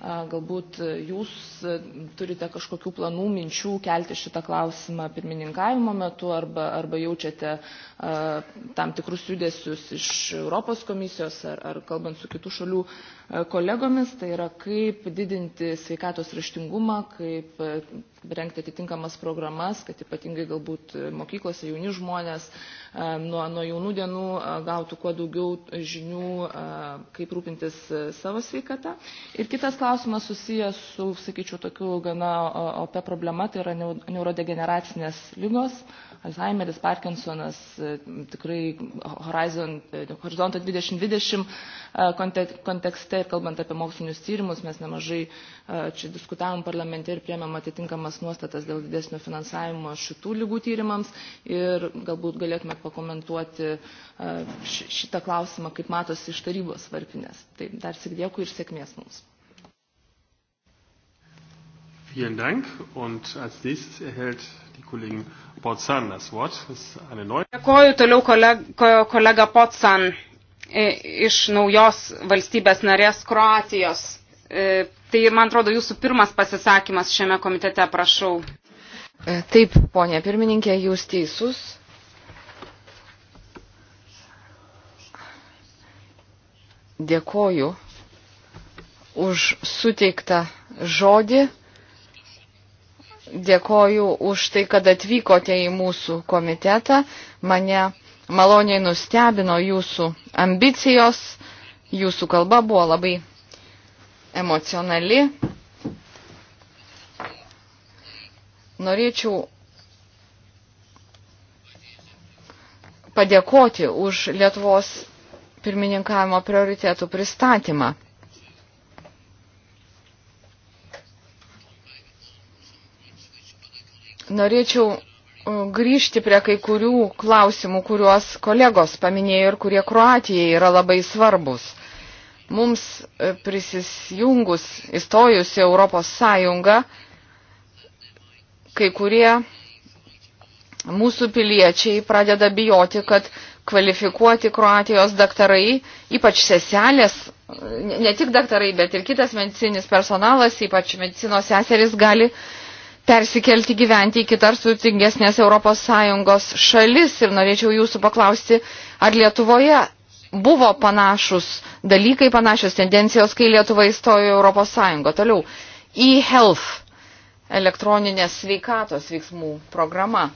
Galbūt jūs turite kažkokių planų, minčių kelti šitą klausimą pirmininkavimo metu arba, arba jaučiate uh, tam tikrus judesius iš Europos komisijos ar, ar kalbant su kitų šalių kolegomis, tai yra kaip didinti sveikatos raštingumą, kaip e, rengti atitinkamas programas, kad ypatingai galbūt mokyklose jauni žmonės e, nuo, nuo jaunų dienų e, gautų kuo daugiau žinių, kaip rūpintis savo sveikatą. Ir kitas klausimas susijęs su, sakyčiau, tokiu gana opia problema, tai yra neurodegeneracinės lygos Alzheimeris, Parkinsonas, e, tikrai e, Horizonto 2020 e, kontekste ir kalbant apie mokslinius tyrimus, mes nemažai čia diskutavom parlamente ir priemėm atitinkamas nuostatas dėl didesnio finansavimo šitų lygų tyrimams ir galbūt galėtumėt pakomentuoti šitą klausimą, kaip matosi iš tarybos varpinės. Tai dar sik dėkui ir sėkmės mums. Vielen Dank. Und als nächstes erhält Dėkoju toliau kolega, kolega Potsan e, iš naujos valstybės narės Kroatijos. E, tai, man atrodo, jūsų pirmas pasisakymas šiame komitete, prašau. E, taip, ponė pirmininkė, jūs teisus. Dėkoju už suteiktą žodį. Dėkoju už tai, kad atvykote į mūsų komitetą. Mane maloniai nustebino jūsų ambicijos, jūsų kalba buvo labai emocionali. Norėčiau padėkoti už Lietuvos pirmininkavimo prioritėtų pristatymą. Norėčiau uh, grįžti prie kai kurių klausimų, kuriuos kolegos paminėjo ir kurie Kroatijai yra labai svarbus. Mums uh, prisijungus, įstojus į Europos Sąjungą, kai kurie mūsų piliečiai pradeda bijoti, kad kvalifikuoti Kroatijos daktarai, ypač seselės, ne tik daktarai, bet ir kitas medicinis personalas, ypač medicinos seseris gali uh, persikelti gyventi į kitas sudėtingesnės ES šalis ir norėčiau jūsų paklausti, ar Lietuvoje buvo panašus dalykai, panašios tendencijos, kai Lietuva įstojo Europos Sąjungo. Toliau, e-health, elektroninės sveikatos veiksmų programa.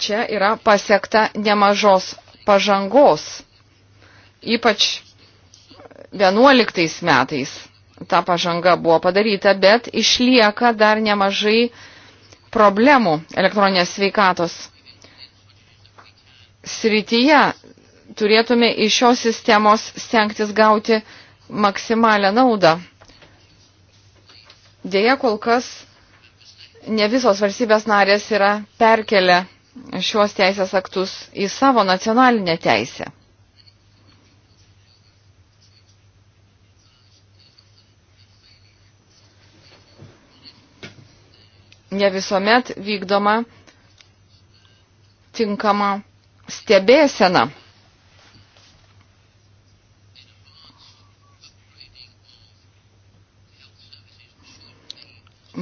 Čia yra pasiekta nemažos pažangos Ypač 11 metais ta pažanga buvo padaryta, bet išlieka dar nemažai problemų elektroninės sveikatos srityje. Turėtume iš šios sistemos stengtis gauti maksimalę naudą. Dėja, kol kas ne visos valstybės narės yra perkelę šios teisės aktus į savo nacionalinę teisę. ne visuomet vykdoma tinkama stebėsena.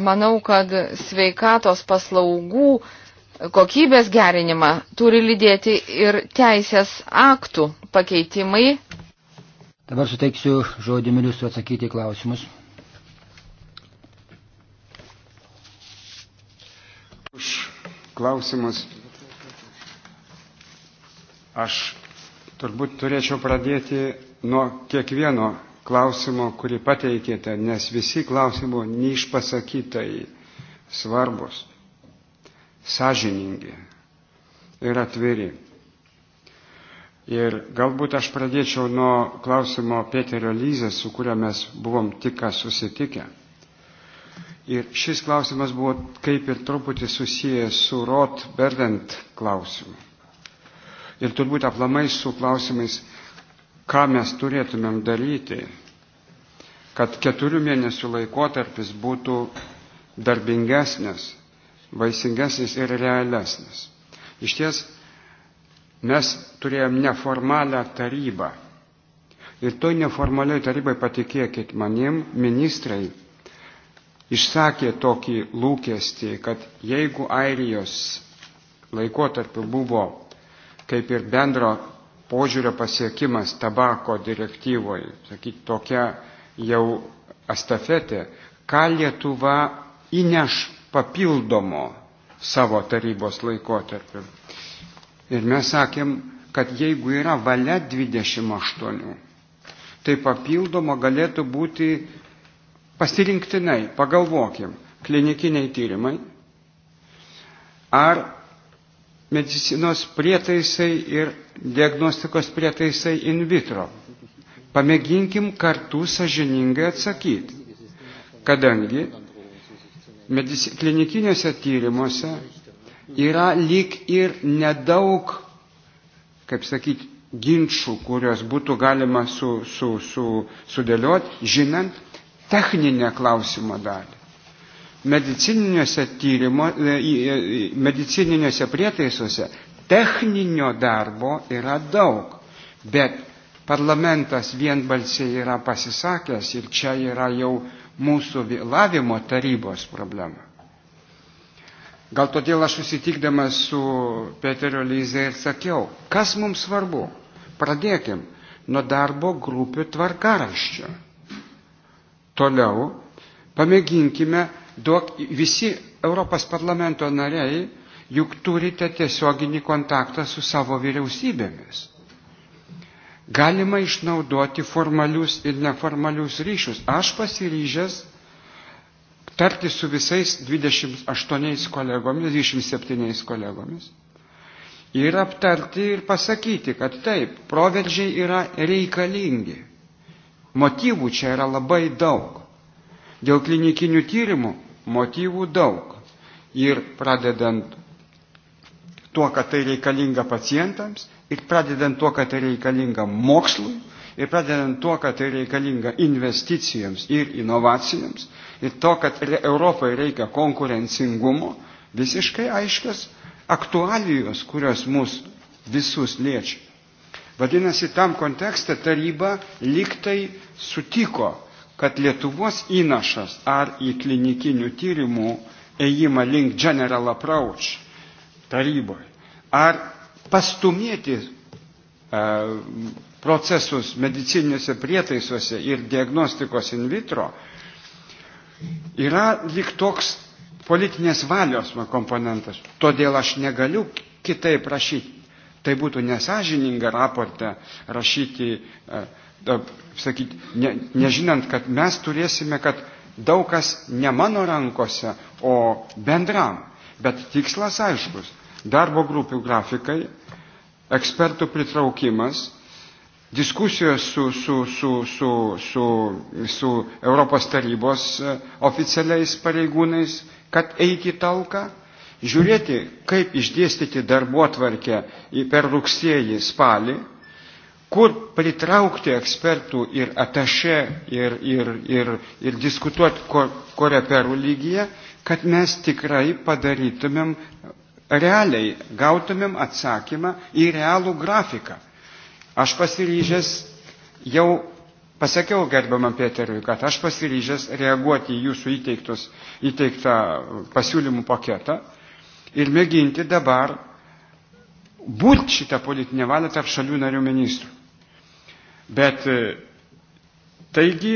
Manau, kad sveikatos paslaugų kokybės gerinimą turi lydėti ir teisės aktų pakeitimai. Dabar suteiksiu žodį ministrui atsakyti klausimus. klausimus. Aš turbūt turėčiau pradėti nuo kiekvieno klausimo, kurį pateikėte, nes visi klausimų neišpasakytai svarbus, sąžiningi ir atviri. Ir galbūt aš pradėčiau nuo klausimo Peterio Lyzės, su kuria mes buvom tik susitikę. Ir šis klausimas buvo kaip ir truputį susijęs su Rot Berend klausimu. Ir turbūt aplamai su klausimais, ką mes turėtumėm daryti, kad keturių mėnesių laikotarpis būtų darbingesnis, vaisingesnis ir realesnis. Iš ties, mes turėjom neformalią tarybą. Ir toj neformalioj tarybai patikėkit manim, ministrai išsakė tokį lūkestį, kad jeigu Airijos laikotarpiu buvo kaip ir bendro požiūrio pasiekimas tabako direktyvoje, sakyti, tokia jau astafetė, ką Lietuva įneš papildomo savo tarybos laikotarpiu. Ir mes sakėm, kad jeigu yra valia 28, tai papildomo galėtų būti pasirinktinai pagalvokim, klinikiniai tyrimai, ar medicinos prietaisai ir diagnostikos prietaisai in vitro. Pamėginkim kartu sažiningai atsakyti, kadangi medici, klinikiniuose tyrimuose yra lyg ir nedaug, kaip sakyti, ginčių, kurios būtų galima su, su, su, sudėlioti, žinant, techninę klausimo dalį. Medicininiuose, tyrimo, e, e, medicininiuose prietaisuose techninio darbo yra daug, bet parlamentas vienbalsiai yra pasisakęs ir čia yra jau mūsų vėlavimo tarybos problema. Gal todėl aš susitikdamas su Peterio Lyze ir sakiau, kas mums svarbu, pradėkim nuo darbo grupių tvarkaraščio Toliau pamėginkime, duok, visi Europos parlamento nariai juk turite tiesioginį kontaktą su savo vyriausybėmis. Galima išnaudoti formalius ir neformalius ryšius. Aš pasiryžęs tarti su visais 28 kolegomis, 27 kolegomis ir aptarti ir pasakyti, kad taip, proveržiai yra reikalingi. Motyvų čia yra labai daug. Dėl klinikinių tyrimų motyvų daug. Ir pradedant tuo, kad tai reikalinga pacientams, ir pradedant tuo, kad tai reikalinga mokslui, ir pradedant tuo, kad tai reikalinga investicijoms ir inovacijoms, ir to, kad Europai reikia konkurencingumo, visiškai aiškios aktualijos, kurios mus visus liečia. Vadinasi, tam kontekste taryba liktai sutiko, kad Lietuvos įnašas ar į klinikinių tyrimų ėjimą link General Approach taryboje, ar pastumėti e, procesus medicinėse prietaisuose ir diagnostikos in vitro, yra lik toks politinės valios komponentas. Todėl aš negaliu kitaip prašyti Tai būtų nesažininga raporte rašyti, e, sakyti, ne, nežinant, kad mes turėsime, kad daug kas ne mano rankose, o bendram. Bet tikslas aiškus - darbo grupių grafikai, ekspertų pritraukimas, diskusijos su, su, su, su, su, su Europos tarybos e, oficialiais pareigūnais, kad eiti talką žiūrėti, kaip išdėstyti darbo atvarkę per rugsėjį spalį, kur pritraukti ekspertų ir atašė ir, ir, ir, ir diskutuoti koreperų lygyje, kad mes tikrai padarytumėm realiai, gautumėm atsakymą į realų grafiką. Aš pasiryžęs jau Pasakiau gerbiamam Peteriui, kad aš pasiryžęs reaguoti į jūsų įteiktus, įteiktą pasiūlymų paketą ir mėginti dabar būti šitą politinę valią tarp šalių narių ministrų. Bet e, taigi,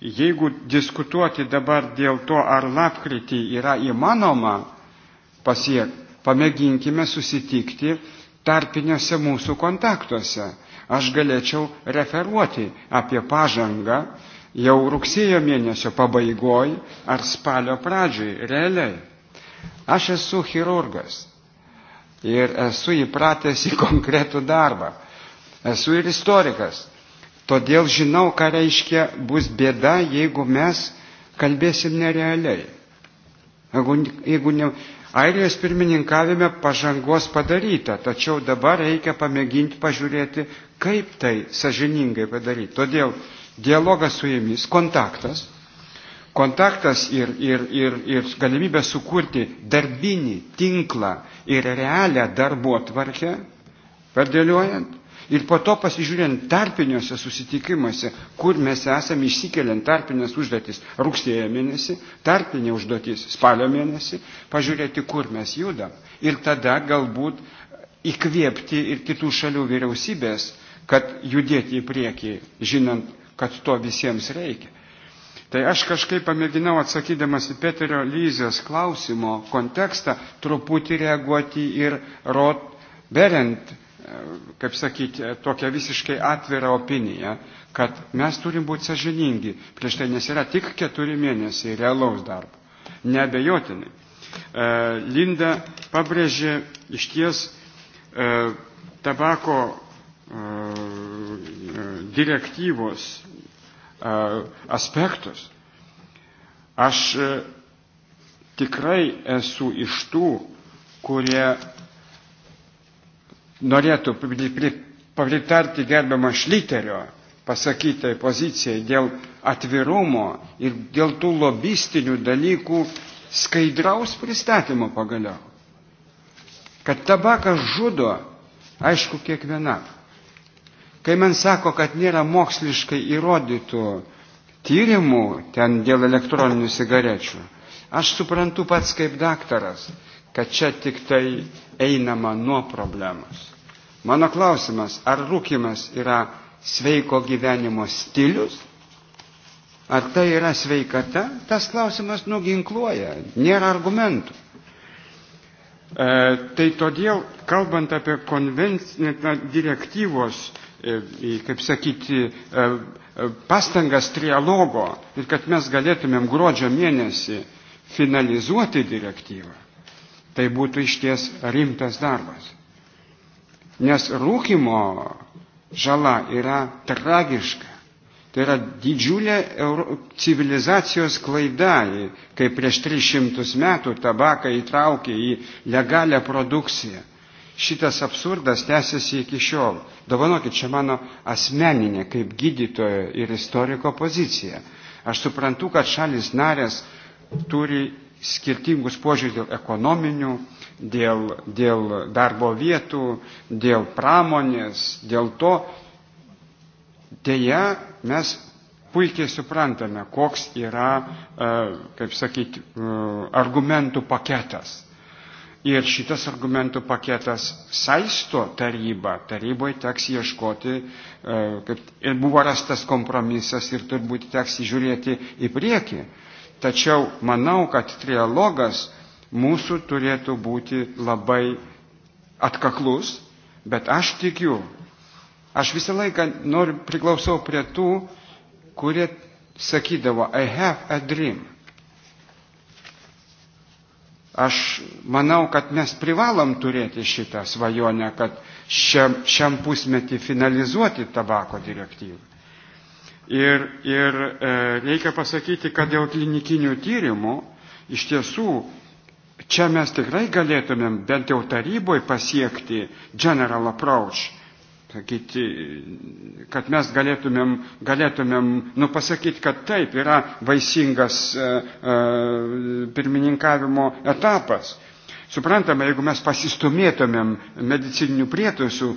jeigu diskutuoti dabar dėl to, ar lapkritį yra įmanoma pasiekti, pamėginkime susitikti tarpiniuose mūsų kontaktuose. Aš galėčiau referuoti apie pažangą jau rugsėjo mėnesio pabaigoj ar spalio pradžioj, realiai. Aš esu chirurgas ir esu įpratęs į konkretų darbą. Esu ir istorikas. Todėl žinau, ką reiškia bus bėda, jeigu mes kalbėsim nerealiai. Jeigu, jeigu ne, Airijos pirmininkavime pažangos padaryta, tačiau dabar reikia pamėginti pažiūrėti, kaip tai sažiningai padaryti. Todėl dialogas su jumis, kontaktas, kontaktas ir, ir, ir, ir galimybė sukurti darbinį tinklą ir realią darbo tvarkę, perdėliojant, ir po to pasižiūrint tarpiniuose susitikimuose, kur mes esame išsikeliant tarpinės užduotis rugsėjo mėnesį, tarpinė užduotis spalio mėnesį, pažiūrėti, kur mes judam. Ir tada galbūt įkvėpti ir kitų šalių vyriausybės, kad judėti į priekį, žinant, kad to visiems reikia. Tai aš kažkaip pamėginau atsakydamas į Peterio Lyzijos klausimo kontekstą truputį reaguoti ir Rot Berent, e, kaip sakyti, e, tokią visiškai atvirą opiniją, kad mes turim būti sažiningi. Prieš tai nes yra tik keturi mėnesiai realaus darbo. Neabejotinai. E, Linda pabrėžė iš ties tabako direktyvos aspektus. Aš e, tikrai esu iš tų, kurie norėtų pritarti gerbiamą šliterio pasakytai pozicijai dėl atvirumo ir dėl tų lobistinių dalykų skaidraus pristatymo pagaliau. Kad tabakas žudo, aišku, kiekvienam. Kai man sako, kad nėra moksliškai įrodytų tyrimų ten dėl elektroninių cigarečių, aš suprantu pats kaip daktaras, kad čia tik tai einama nuo problemos. Mano klausimas, ar rūkimas yra sveiko gyvenimo stilius, ar tai yra sveikata, tas klausimas nuginkluoja, nėra argumentų. E, tai todėl, kalbant apie konvencinę direktyvos E, kaip sakyti, e, e, pastangas trialogo ir kad mes galėtumėm gruodžio mėnesį finalizuoti direktyvą, tai būtų išties rimtas darbas. Nes rūkimo žala yra tragiška. Tai yra didžiulė civilizacijos klaida, kai prieš 300 metų tabaką įtraukė į legalią produkciją šitas absurdas tęsiasi iki šiol. Dovanokit, čia mano asmeninė kaip gydytojo ir istoriko pozicija. Aš suprantu, kad šalis narės turi skirtingus požiūrį dėl ekonominių, dėl, dėl darbo vietų, dėl pramonės, dėl to. Deja, mes puikiai suprantame, koks yra, e, kaip sakyti, e, argumentų paketas Ir šitas argumentų paketas saisto tarybą. Taryboje teks ieškoti, e, kaip ir buvo rastas kompromisas ir turbūt teks žiūrėti į priekį. Tačiau manau, kad trialogas mūsų turėtų būti labai atkaklus, bet aš tikiu, aš visą laiką noriu priklausau prie tų, kurie sakydavo, I have a dream. Aš manau, kad mes privalom turėti šitą svajonę, kad šiam, šiam pusmetį finalizuoti tabako direktyvą. Ir, ir e, reikia pasakyti, kad dėl klinikinių tyrimų iš tiesų čia mes tikrai galėtumėm bent jau taryboje pasiekti general approach sakyti, kad mes galėtumėm, galėtumėm nu, pasakyti, kad taip yra vaisingas e, e, pirmininkavimo etapas. Suprantama, jeigu mes pasistumėtumėm medicininių prietaisų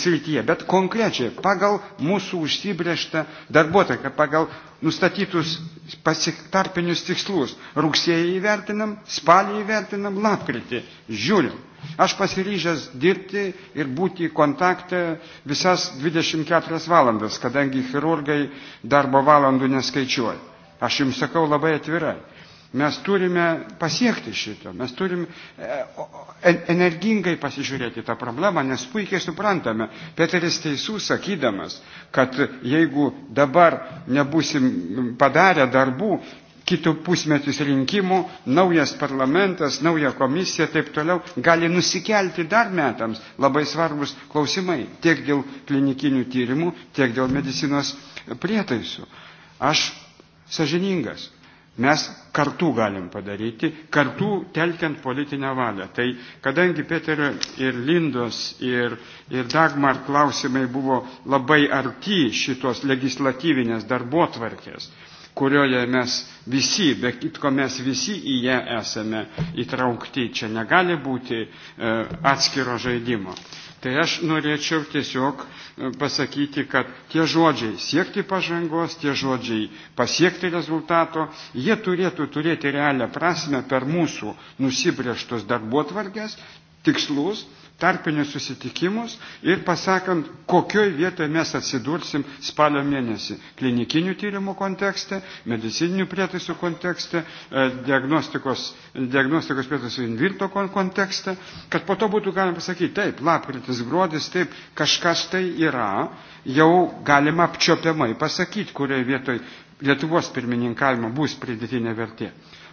srityje, bet konkrečiai pagal mūsų užsibrėžtą darbuotoją, pagal nustatytus pasitarpinius tikslus. Rugsėjai įvertinam, spalį įvertinam, lapkritį žiūrim. Aš pasiryžęs dirbti ir būti kontakte visas 24 valandas, kadangi chirurgai darbo valandų neskaičiuoja. Aš jums sakau labai atvirai. Mes turime pasiekti šitą, mes turime energingai pasižiūrėti tą problemą, nes puikiai suprantame, Peteris teisų sakydamas, kad jeigu dabar nebusim padarę darbų, kitų pusmetis rinkimų, naujas parlamentas, nauja komisija ir taip toliau, gali nusikelti dar metams labai svarbus klausimai tiek dėl klinikinių tyrimų, tiek dėl medicinos prietaisų. Aš sažiningas. Mes kartu galim padaryti, kartu telkiant politinę valią. Tai kadangi Peterio ir Lindos ir, ir Dagmar klausimai buvo labai arti šitos legislatyvinės darbo tvarkės, kurioje mes visi, be kitko mes visi į ją esame įtraukti, čia negali būti e, atskiro žaidimo. Tai aš norėčiau tiesiog e, pasakyti, kad tie žodžiai siekti pažangos, tie žodžiai pasiekti rezultato, jie turėtų turėti realią prasme per mūsų nusibrieštus darbuotvarkės, tikslus tarpinius susitikimus ir pasakant, kokioj vietoje mes atsidursim spalio mėnesį. Klinikinių tyrimų kontekste, medicininių prietaisų kontekste, e, diagnostikos, diagnostikos prietaisų invirto kontekste, kad po to būtų galima pasakyti, taip, lapkritis, gruodis, taip, kažkas tai yra, jau galima apčiopiamai pasakyti, kurioje vietoje Lietuvos pirmininkavimo bus pridėtinė vertė.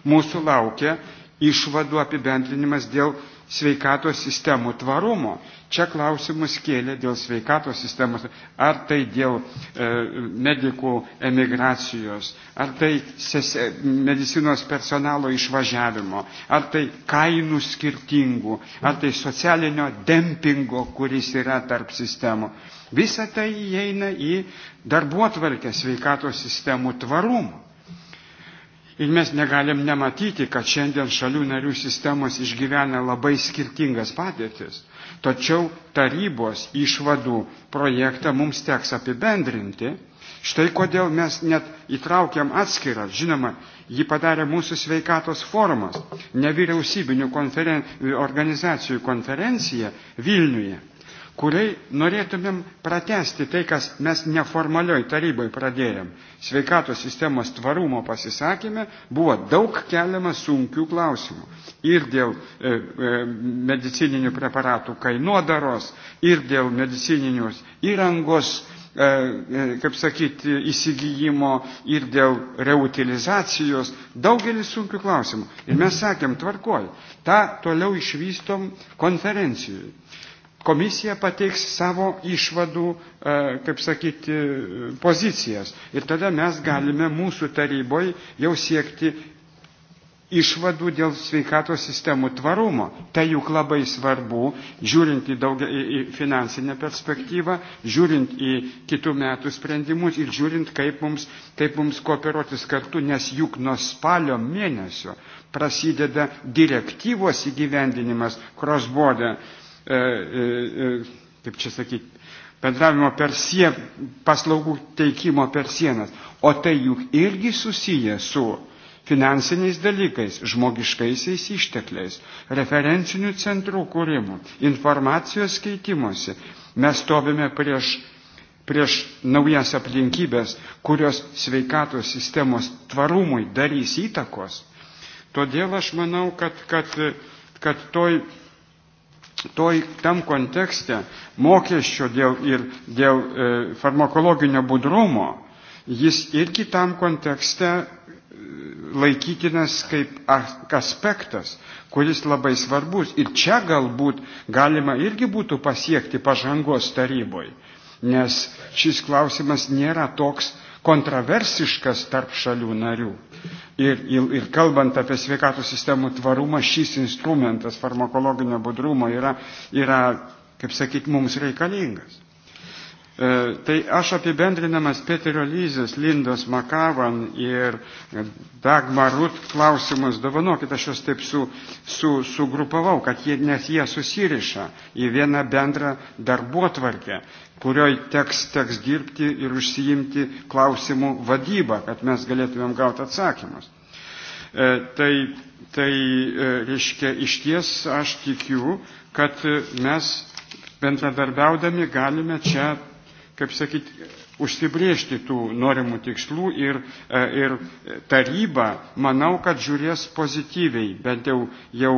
Mūsų laukia išvadų apibendrinimas dėl sveikatos sistemų tvarumo. Čia klausimus kėlė dėl sveikatos sistemos, ar tai dėl e, medikų emigracijos, ar tai sese, medicinos personalo išvažiavimo, ar tai kainų skirtingų, ar tai socialinio dempingo, kuris yra tarp sistemų. Visa tai įeina į darbuotvarkę sveikatos sistemų tvarumą. Ir mes negalim nematyti, kad šiandien šalių narių sistemos išgyvena labai skirtingas patirtis. Tačiau tarybos išvadų projektą mums teks apibendrinti. Štai kodėl mes net įtraukiam atskirą, žinoma, jį padarė mūsų sveikatos forumas, nevyriausybinių konferen... organizacijų konferencija Vilniuje kuriai norėtumėm pratesti tai, kas mes neformalioj taryboje pradėjom. Sveikatos sistemos tvarumo pasisakymė buvo daug keliama sunkių klausimų. Ir dėl e, e, medicininių preparatų kainodaros, ir dėl medicininius įrangos, e, e kaip sakyti, įsigijimo, ir dėl reutilizacijos. Daugelis sunkių klausimų. Ir mes sakėm, tvarkoj, tą toliau išvystom konferencijoje komisija pateiks savo išvadų, e, kaip sakyti, pozicijas. Ir tada mes galime mūsų taryboje jau siekti išvadų dėl sveikatos sistemų tvarumo. Tai juk labai svarbu, žiūrint į, daug, į, į finansinę perspektyvą, žiūrint į kitų metų sprendimus ir žiūrint, kaip mums, kaip mums kooperuotis kartu, nes juk nuo spalio mėnesio prasideda direktyvos įgyvendinimas cross-border E, e, e, kaip čia sakyti, bendravimo per sieną, paslaugų teikimo per sienas. O tai juk irgi susiję su finansiniais dalykais, žmogiškaisiais ištekliais, referencinių centrų kūrimu, informacijos keitimuose. Mes stovime prieš, prieš naujas aplinkybės, kurios sveikatos sistemos tvarumui darys įtakos. Todėl aš manau, kad, kad, kad toj toj, tam kontekste mokesčio dėl, ir dėl e, farmakologinio budrumo, jis irgi tam kontekste e, laikytinas kaip aspektas, kuris labai svarbus. Ir čia galbūt galima irgi būtų pasiekti pažangos taryboj, nes šis klausimas nėra toks kontroversiškas tarp šalių narių. Ir, ir, ir kalbant apie sveikatų sistemų tvarumą, šis instrumentas farmakologinio budrumo yra, yra kaip sakyti, mums reikalingas. E, tai aš apibendrinamas Peterio Lyzės, Lindos Makavan ir Dagmar Rut klausimus, dovanokit, aš juos taip su, su, sugrupavau, kad jie, nes jie susiriša į vieną bendrą darbuotvarkę, kurioj teks, teks dirbti ir užsiimti klausimų vadybą, kad mes galėtumėm gauti atsakymus. E, tai, tai e, reiškia, iš ties aš tikiu, kad mes bendradarbiaudami galime čia, kaip sakyti, užsibriežti tų norimų tikslų ir, e, ir taryba, manau, kad žiūrės pozityviai, bent jau, jau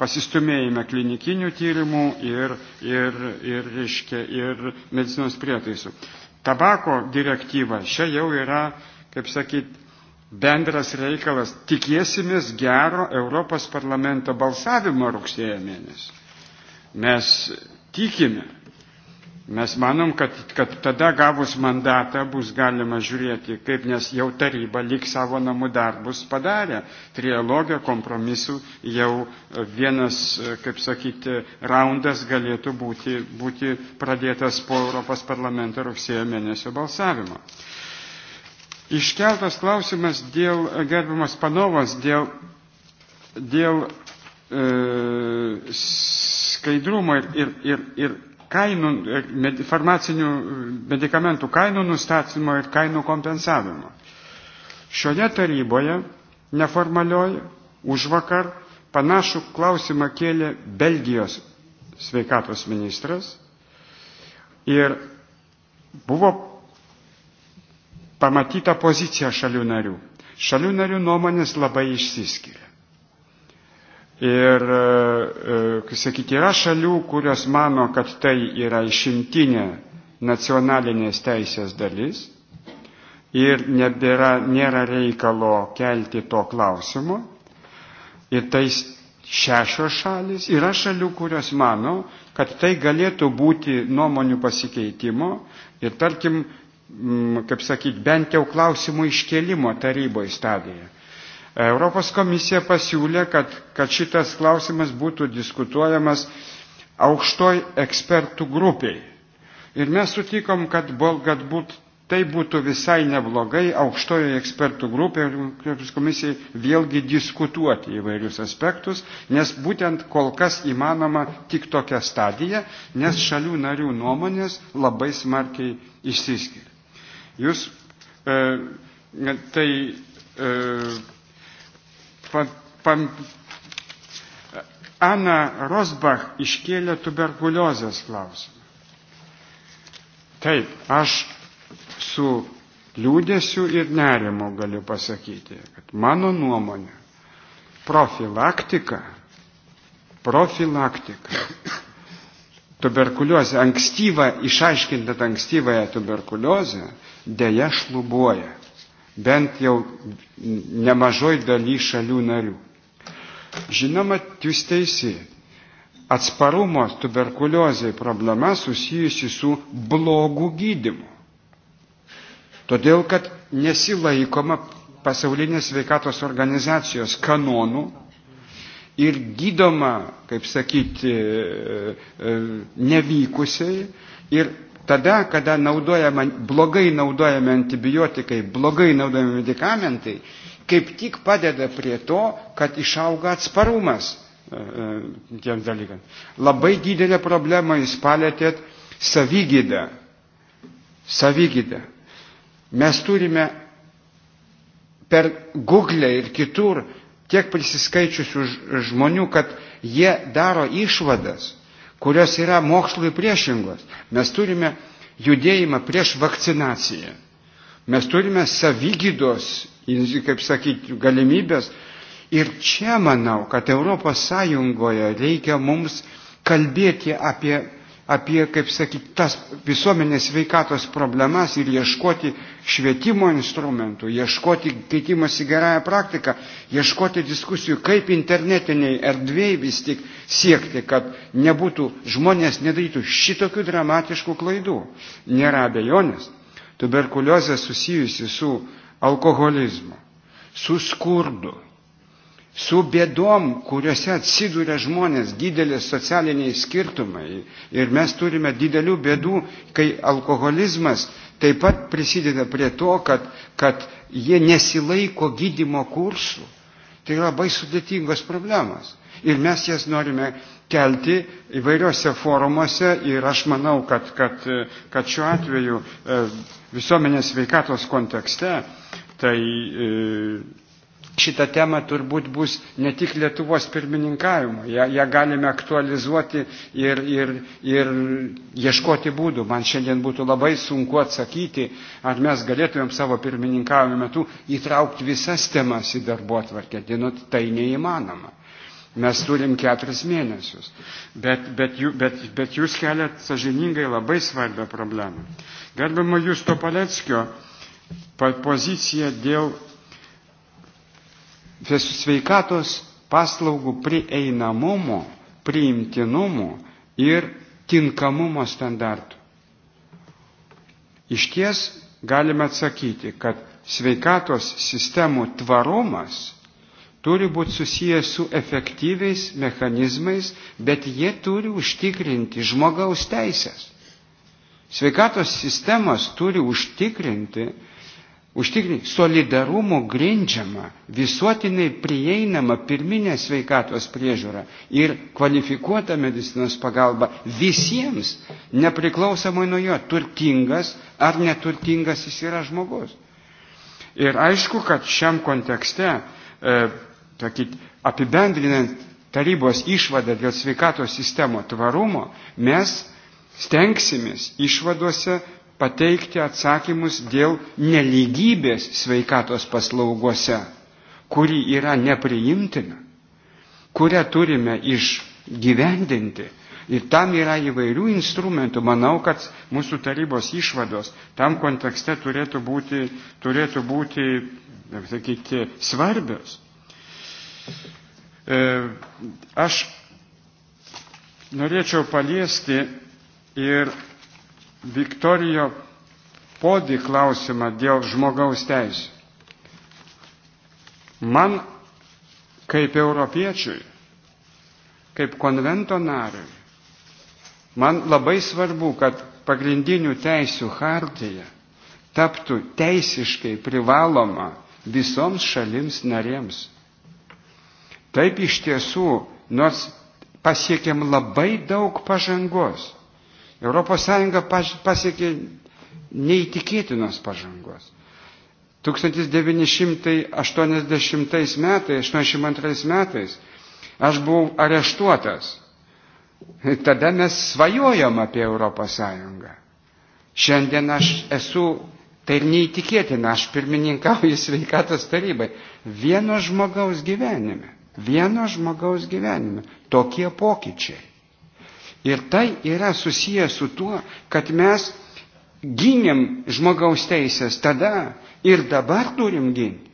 pasistumėjime klinikinių tyrimų ir, ir, ir, reiškia, ir medicinos prietaisų. Tabako direktyva čia jau yra, kaip sakyt, bendras reikalas. Tikėsimės gero Europos parlamento balsavimo rugsėjo mėnesį. Mes tikime, Mes manom, kad, kad tada gavus mandatą bus galima žiūrėti, kaip nes jau taryba lik savo namų darbus padarė. Trialogio kompromisų jau vienas, kaip sakyti, raundas galėtų būti, būti pradėtas po Europos parlamento rugsėjo mėnesio balsavimo. Iškeltas klausimas dėl, gerbiamas panovas, dėl, dėl e, skaidrumo ir, ir, ir, ir kainų, e, med, farmacinių e, medikamentų kainų nustatymo ir kainų kompensavimo. Šioje taryboje neformalioji už vakar panašų klausimą kėlė Belgijos sveikatos ministras ir buvo pamatyta pozicija šalių narių. Šalių narių nuomonės labai išsiskiria. Ir, e, e, sakykime, yra šalių, kurios mano, kad tai yra išimtinė nacionalinės teisės dalis ir nebėra, nėra reikalo kelti to klausimo. Ir tai šešios šalis. Yra šalių, kurios mano, kad tai galėtų būti nuomonių pasikeitimo ir, tarkim, kaip sakyti, bent jau klausimų iškelimo taryboje stadijoje. Europos komisija pasiūlė, kad, kad šitas klausimas būtų diskutuojamas aukštoj ekspertų grupiai. Ir mes sutikom, kad galbūt tai būtų visai neblogai aukštojo ekspertų grupė ir Europos komisijai vėlgi diskutuoti įvairius aspektus, nes būtent kol kas įmanoma tik tokia stadija, nes šalių narių nuomonės labai smarkiai išsiskiria. Jūs e, tai e, pa, pa, Ana Rosbach iškėlė tuberkuliozės klausimą. Taip, aš su liūdėsiu ir nerimu galiu pasakyti, kad mano nuomonė profilaktika, profilaktika, tuberkuliozė, ankstyva, išaiškinta ankstyvąją tuberkuliozę, dėja šlubuoja bent jau nemažoj daly šalių narių. Žinoma, jūs teisi, atsparumo tuberkuliozai problema susijusi su blogu gydimu. Todėl, kad nesilaikoma pasaulinės veikatos organizacijos kanonų ir gydoma, kaip sakyti, e, e, nevykusiai ir tada, kada naudojama, blogai naudojami antibiotikai, blogai naudojami medikamentai, kaip tik padeda prie to, kad išauga atsparumas e, e, tiems dalykams. Labai didelę problemą jūs palėtėt savygydą. Savygydą. Mes turime per Google ir kitur tiek prisiskaičiusių žmonių, kad jie daro išvadas, kurios yra mokslui priešingos. Mes turime judėjimą prieš vakcinaciją. Mes turime savygydos, kaip sakyti, galimybės. Ir čia manau, kad ES reikia mums kalbėti apie apie, kaip sakyti, tas visuomenės veikatos problemas ir ieškoti švietimo instrumentų, ieškoti keitimąsi gerąją praktiką, ieškoti diskusijų, kaip internetiniai erdvėjai vis tik siekti, kad nebūtų žmonės nedarytų šitokių dramatiškų klaidų. Nėra abejonės. Tuberkuliozė susijusi su alkoholizmu, su skurdu, su bėdom, kuriuose atsiduria žmonės, didelis socialiniai skirtumai. Ir mes turime didelių bėdų, kai alkoholizmas taip pat prisideda prie to, kad, kad jie nesilaiko gydimo kursų. Tai labai sudėtingos problemos. Ir mes jas norime kelti įvairiuose forumuose ir aš manau, kad, kad, kad šiuo atveju e, visuomenės veikatos kontekste tai e, šitą temą turbūt bus ne tik Lietuvos pirmininkavimo, ją, ją galime aktualizuoti ir, ir, ir ieškoti būdų. Man šiandien būtų labai sunku atsakyti, ar mes galėtumėm savo pirmininkavimo metu įtraukti visas temas į darbo atvarkę. Dienot, tai neįmanoma. Mes turim keturis mėnesius, bet, bet, bet, bet jūs keliat sažiningai labai svarbią problemą. Gerbimo Justo Paleckio pozicija dėl sveikatos paslaugų prieinamumo, priimtinumo ir tinkamumo standartų. Iš ties galime atsakyti, kad sveikatos sistemų tvarumas turi būti susijęs su efektyviais mechanizmais, bet jie turi užtikrinti žmogaus teisės. Sveikatos sistemas turi užtikrinti užtikrinti solidarumo grindžiamą, visuotinai prieinamą pirminę sveikatos priežiūrą ir kvalifikuotą medicinos pagalbą visiems, nepriklausomai nuo jo, turtingas ar neturtingas jis yra žmogus. Ir aišku, kad šiam kontekste, e, takyt, apibendrinant tarybos išvadą dėl sveikatos sistemo tvarumo, mes stengsimės išvadose pateikti atsakymus dėl neligybės sveikatos paslaugose, kuri yra nepriimtina, kurią turime išgyvendinti. Ir tam yra įvairių instrumentų. Manau, kad mūsų tarybos išvados tam kontekste turėtų būti, turėtų būti sakyti, svarbios. E, aš norėčiau paliesti ir Viktorijo podį klausimą dėl žmogaus teisų. Man kaip europiečiui, kaip konvento nariui, man labai svarbu, kad pagrindinių teisių hartija taptų teisiškai privaloma visoms šalims narėms. Taip iš tiesų, nors pasiekėm labai daug pažangos, Europos Sąjunga pasiekė neįtikėtinos pažangos. 1980 metais, 82 metais aš buvau areštuotas. Tada mes svajojom apie Europos Sąjungą. Šiandien aš esu, tai ir neįtikėtina, aš pirmininkauju sveikatos tarybai. Vieno žmogaus gyvenime, vieno žmogaus gyvenime tokie pokyčiai. Ir tai yra susijęs su tuo, kad mes gynėm žmogaus teisės tada ir dabar turim ginti.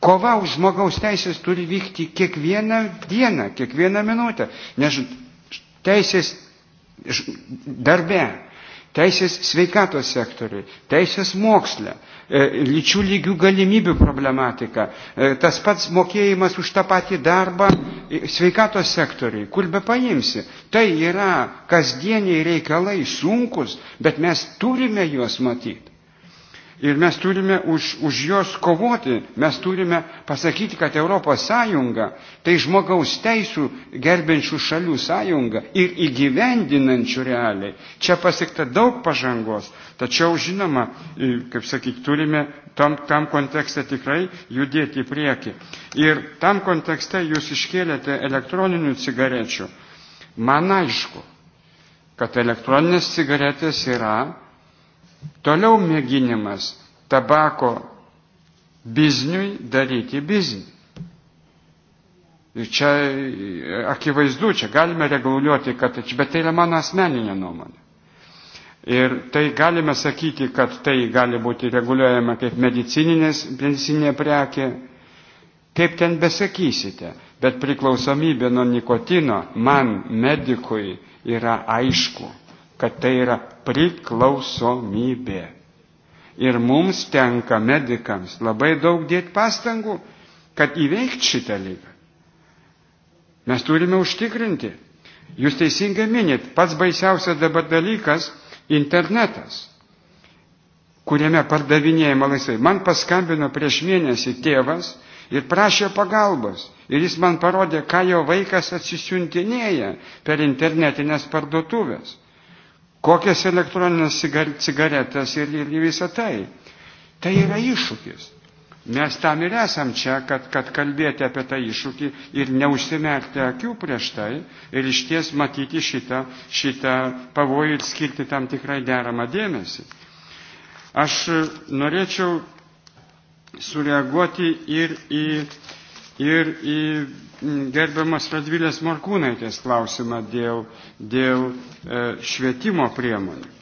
Kova už žmogaus teisės turi vykti kiekvieną dieną, kiekvieną minutę. Nes teisės darbe, teisės sveikatos sektoriui, teisės moksle, e, lyčių lygių galimybių problematika, e, tas pats mokėjimas už tą patį darbą sveikatos sektoriai, kur be paimsi. Tai yra kasdieniai reikalai sunkus, bet mes turime juos matyti. Ir mes turime už, už juos kovoti, mes turime pasakyti, kad Europos Sąjunga tai žmogaus teisų gerbiančių šalių sąjunga ir įgyvendinančių realiai. Čia pasiekta daug pažangos, tačiau žinoma, kaip sakyti, turime tam, tam kontekste tikrai judėti į priekį. Ir tam kontekste jūs iškėlėte elektroninių cigarečių. Man aišku, kad elektroninės cigaretės yra Toliau mėginimas tabako bizniui daryti biznį. Ir čia akivaizdu, čia galime reguliuoti, kad, bet tai yra mano asmeninė nuomonė. Ir tai galime sakyti, kad tai gali būti reguliuojama kaip medicininė prekė, kaip ten besakysite, bet priklausomybė nuo nikotino man, medikui, yra aišku kad tai yra priklausomybė. Ir mums tenka medikams labai daug dėti pastangų, kad įveikt šitą lygą. Mes turime užtikrinti. Jūs teisingai minit, pats baisiausias dabar dalykas - internetas, kuriame pardavinėjama laisvai. Man paskambino prieš mėnesį tėvas ir prašė pagalbos. Ir jis man parodė, ką jo vaikas atsisiuntinėja per internetinės parduotuvės kokias elektroninės cigaretės ir, ir, ir visą tai. Tai yra iššūkis. Mes tam ir esam čia, kad, kad kalbėti apie tą iššūkį ir neužsimerkti akių prieš tai ir iš ties matyti šitą, šitą pavojų ir skirti tam tikrai deramą dėmesį. Aš norėčiau sureaguoti ir į ir į gerbiamas Radvilės Markūnaitės klausimą dėl, dėl e, švietimo priemonių.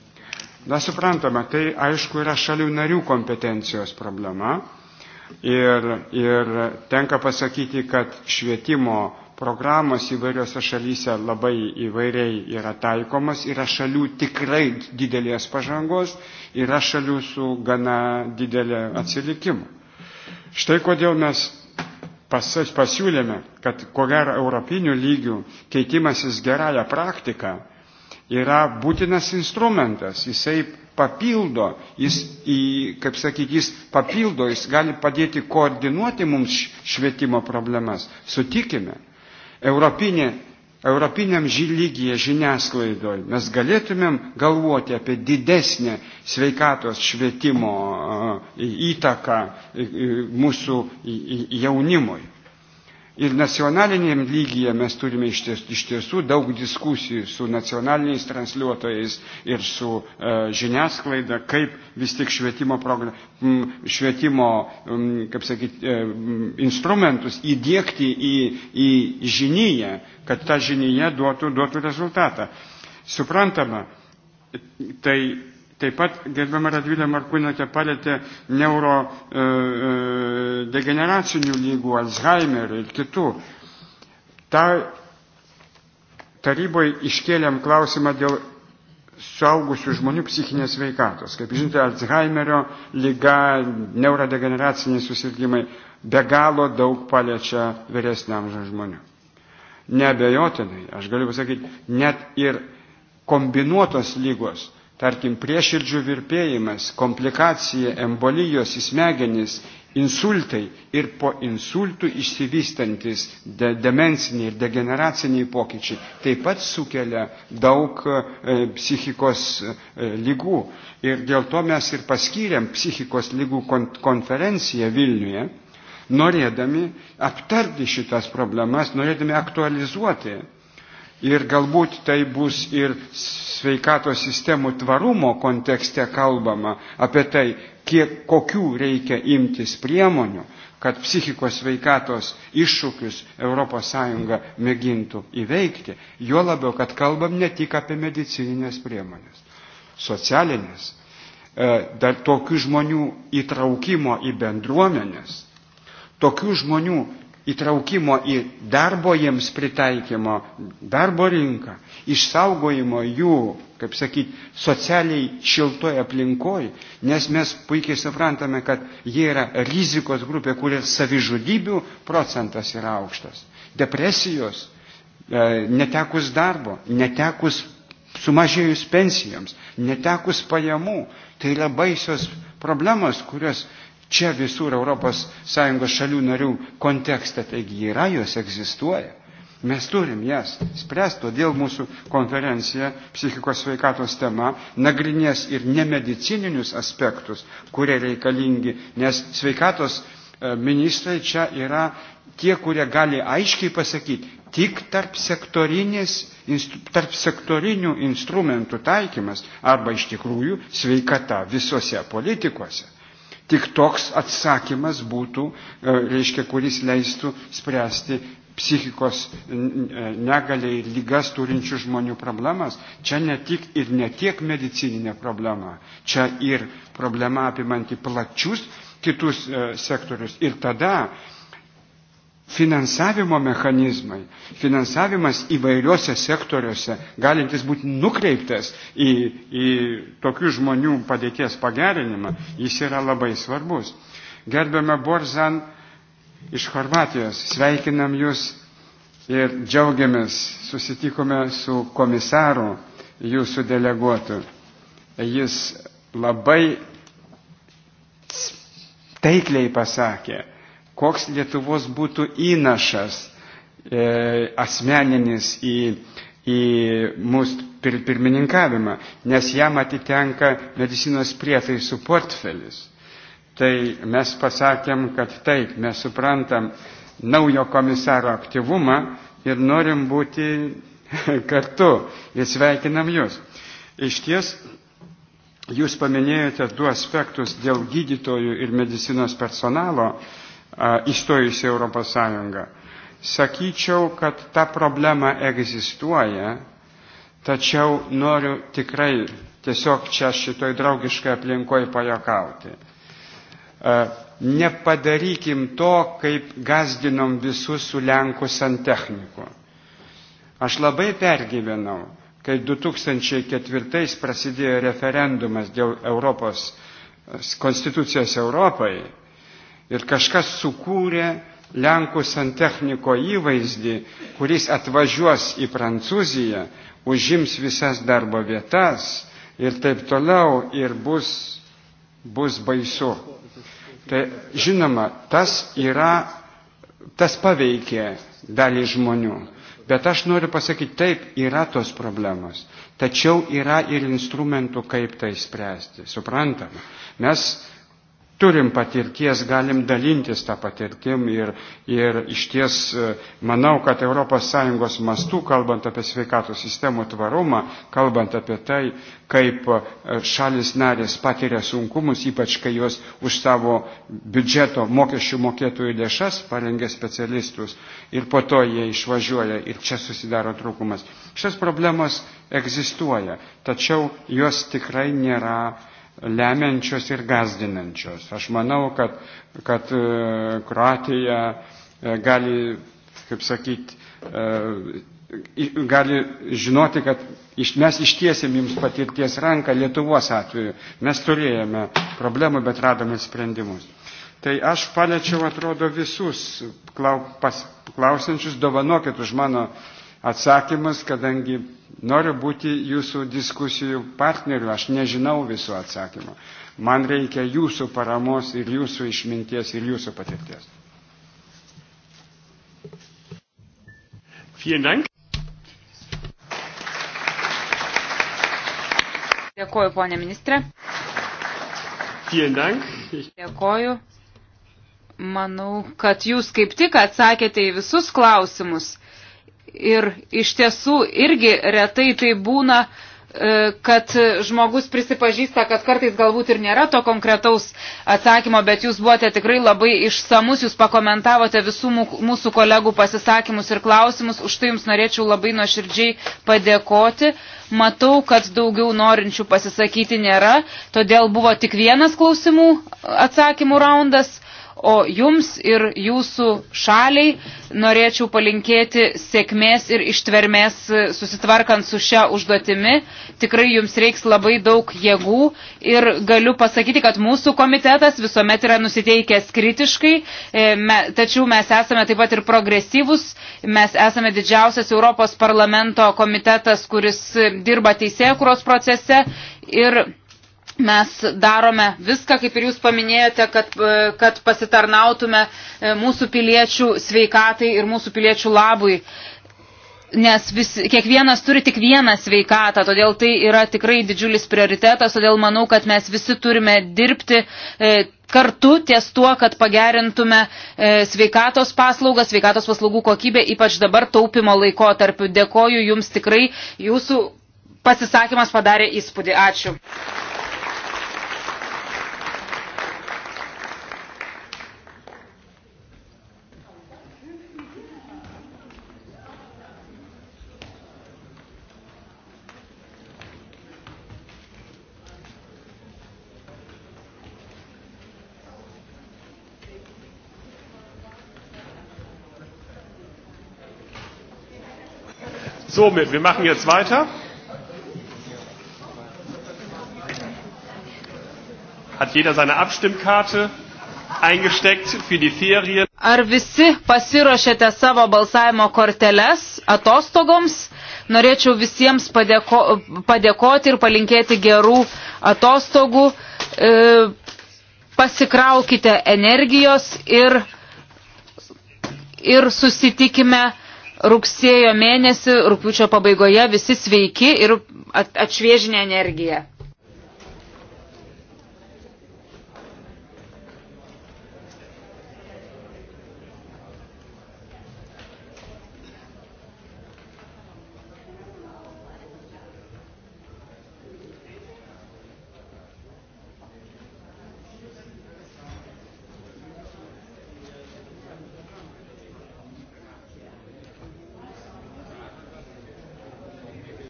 Na, suprantama, tai aišku yra šalių narių kompetencijos problema ir, ir tenka pasakyti, kad švietimo programos įvairiose šalyse labai įvairiai yra taikomas, yra šalių tikrai didelės pažangos, yra šalių su gana didelė atsilikimu. Štai kodėl mes pasiūlėme, kad ko gero europinių lygių keitimasis gerąją praktiką yra būtinas instrumentas, jisai papildo, jis, į, kaip sakyti, jis papildo, jis gali padėti koordinuoti mums švietimo problemas. Sutikime, europinė europiniam lygyje žiniasklaidoje mes galėtumėm galvoti apie didesnę sveikatos švietimo e, įtaką e, e, mūsų jaunimui. Ir nacionalinėm lygyje mes turime iš tiesų, iš tiesų daug diskusijų su nacionaliniais transliuotojais ir su e, žiniasklaida, kaip vis tik švietimo, program, švietimo kaip sakyt, e, instrumentus įdėkti į, į žinyje, kad ta žinyje duotų, duotų rezultatą. Suprantama, tai Taip pat gerbiama Radvilė Markūnėte palėtė neurodegeneracinių e, e lygų, Alzheimerio ir kitų. Ta taryboje iškėlėm klausimą dėl suaugusių žmonių psichinės veikatos. Kaip žinote, Alzheimerio lyga, neurodegeneraciniai susirgymai be galo daug paliečia vyresniam žmonių. Nebejotinai, aš galiu pasakyti, net ir kombinuotos lygos tarkim, prieširdžių virpėjimas, komplikacija, embolijos įsmegenis, insultai ir po insultų išsivystantis de demenciniai ir degeneraciniai pokyčiai taip pat sukelia daug e, psichikos e, lygų. Ir dėl to mes ir paskyrėm psichikos lygų kon konferenciją Vilniuje, norėdami aptarti šitas problemas, norėdami aktualizuoti Ir galbūt tai bus ir sveikatos sistemų tvarumo kontekste kalbama apie tai, kiek, kokių reikia imtis priemonių, kad psichikos sveikatos iššūkius ES mėgintų įveikti. Juo labiau, kad kalbam ne tik apie medicininės priemonės, socialinės, e, dar tokių žmonių įtraukimo į bendruomenės, tokių žmonių įtraukimo į darbo jiems pritaikymo, darbo rinką, išsaugojimo jų, kaip sakyti, socialiai šiltoj aplinkoj, nes mes puikiai suprantame, kad jie yra rizikos grupė, kurie savižudybių procentas yra aukštas, depresijos, e, netekus darbo, netekus sumažėjus pensijoms, netekus pajamų. Tai yra baisios problemos, kurios čia visų ES šalių narių kontekste, taigi yra, jos egzistuoja. Mes turim jas spręsti, todėl mūsų konferencija psichikos sveikatos tema nagrinės ir nemedicininius aspektus, kurie reikalingi, nes sveikatos e, ministrai čia yra tie, kurie gali aiškiai pasakyti, tik tarp, tarp sektorinių instrumentų taikymas arba iš tikrųjų sveikata visose politikose. Tik toks atsakymas būtų, e, reiškia, kuris leistų spręsti psichikos e, negaliai ir lygas turinčių žmonių problemas. Čia ne tik ir ne tiek medicininė problema, čia ir problema apimanti plačius kitus e, sektorius. Ir tada Finansavimo mechanizmai, finansavimas įvairiuose sektoriuose, galintis būti nukreiptas į, į tokių žmonių padėties pagerinimą, jis yra labai svarbus. Gerbiame Borzan iš Horvatijos, sveikinam Jūs ir džiaugiamės, susitikome su komisaru jūsų deleguotų. Jis labai taikliai pasakė, koks Lietuvos būtų įnašas e, asmeninis į, į mūsų pir, pirmininkavimą, nes jam atitenka medicinos prietaisų portfelis. Tai mes pasakėm, kad taip, mes suprantam naujo komisaro aktyvumą ir norim būti kartu ir sveikinam jūs. Iš ties, jūs paminėjote du aspektus dėl gydytojų ir medicinos personalo įstojusi Europos Sąjungą. Sakyčiau, kad ta problema egzistuoja, tačiau noriu tikrai tiesiog čia šitoj draugiškai aplinkoj pajakauti. Nepadarykim to, kaip gazdinom visus su Lenkų santechniku. Aš labai pergyvenau, kai 2004 prasidėjo referendumas dėl Europos konstitucijos Europai Ir kažkas sukūrė Lenkų santechniko įvaizdį, kuris atvažiuos į Prancūziją, užims visas darbo vietas ir taip toliau ir bus, bus baisu. Tai žinoma, tas yra, tas paveikė dalį žmonių. Bet aš noriu pasakyti, taip, yra tos problemos. Tačiau yra ir instrumentų, kaip tai spręsti. Suprantama. Mes turim patirties, galim dalintis tą patirtim ir, ir iš ties e, manau, kad ES mastų, kalbant apie sveikatos sistemų tvarumą, kalbant apie tai, kaip e, šalis narės patiria sunkumus, ypač kai jos už savo biudžeto mokesčių mokėtojų lėšas parengia specialistus ir po to jie išvažiuoja ir čia susidaro trūkumas. Šios problemos egzistuoja, tačiau jos tikrai nėra lemiančios ir gazdinančios. Aš manau, kad, kad e, Kroatija e, gali, kaip sakyti, e, gali žinoti, kad iš, mes ištiesėm jums patirties ranką Lietuvos atveju. Mes turėjome problemų, bet radome sprendimus. Tai aš paliečiau, atrodo, visus klaus, klausančius, dovanokit už mano atsakymus, kadangi noriu būti jūsų diskusijų partneriu, aš nežinau visų atsakymų. Man reikia jūsų paramos ir jūsų išminties ir jūsų patirties. Dėkuoju, ponė ministrė. Dėkuoju. Manau, kad jūs kaip tik atsakėte į visus klausimus. Ir iš tiesų irgi retai tai būna, e, kad žmogus prisipažįsta, kad kartais galbūt ir nėra to konkretaus atsakymo, bet jūs buvote tikrai labai išsamus, jūs pakomentavote visų mūsų kolegų pasisakymus ir klausimus, už tai jums norėčiau labai nuoširdžiai padėkoti. Matau, kad daugiau norinčių pasisakyti nėra, todėl buvo tik vienas klausimų atsakymų raundas o jums ir jūsų šaliai norėčiau palinkėti sėkmės ir ištvermės e, susitvarkant su šia užduotimi. Tikrai jums reiks labai daug jėgų ir galiu pasakyti, kad mūsų komitetas visuomet yra nusiteikęs kritiškai, e, me, tačiau mes esame taip pat ir progresyvus, mes esame didžiausias Europos parlamento komitetas, kuris e, dirba teisėkuros procese ir mes darome viską, kaip ir jūs paminėjote, kad, e, kad pasitarnautume e, mūsų piliečių sveikatai ir mūsų piliečių labui. Nes vis, kiekvienas turi tik vieną sveikatą, todėl tai yra tikrai didžiulis prioritetas, todėl manau, kad mes visi turime dirbti e, kartu ties tuo, kad pagerintume e, sveikatos paslaugas, sveikatos paslaugų kokybę, ypač dabar taupimo laikotarpiu. Dėkoju Jums tikrai, Jūsų pasisakymas padarė įspūdį. Ačiū. Somit, wir machen jetzt weiter. Hat jeder seine Abstimmkarte eingesteckt für die Ferien? Ar visi pasiruošėte savo balsavimo korteles atostogoms? Norėčiau visiems padėko, padėkoti ir palinkėti gerų atostogų. E, pasikraukite energijos ir, ir susitikime rugsėjo mėnesį, rūpiučio pabaigoje visi sveiki ir atšviežinę energiją.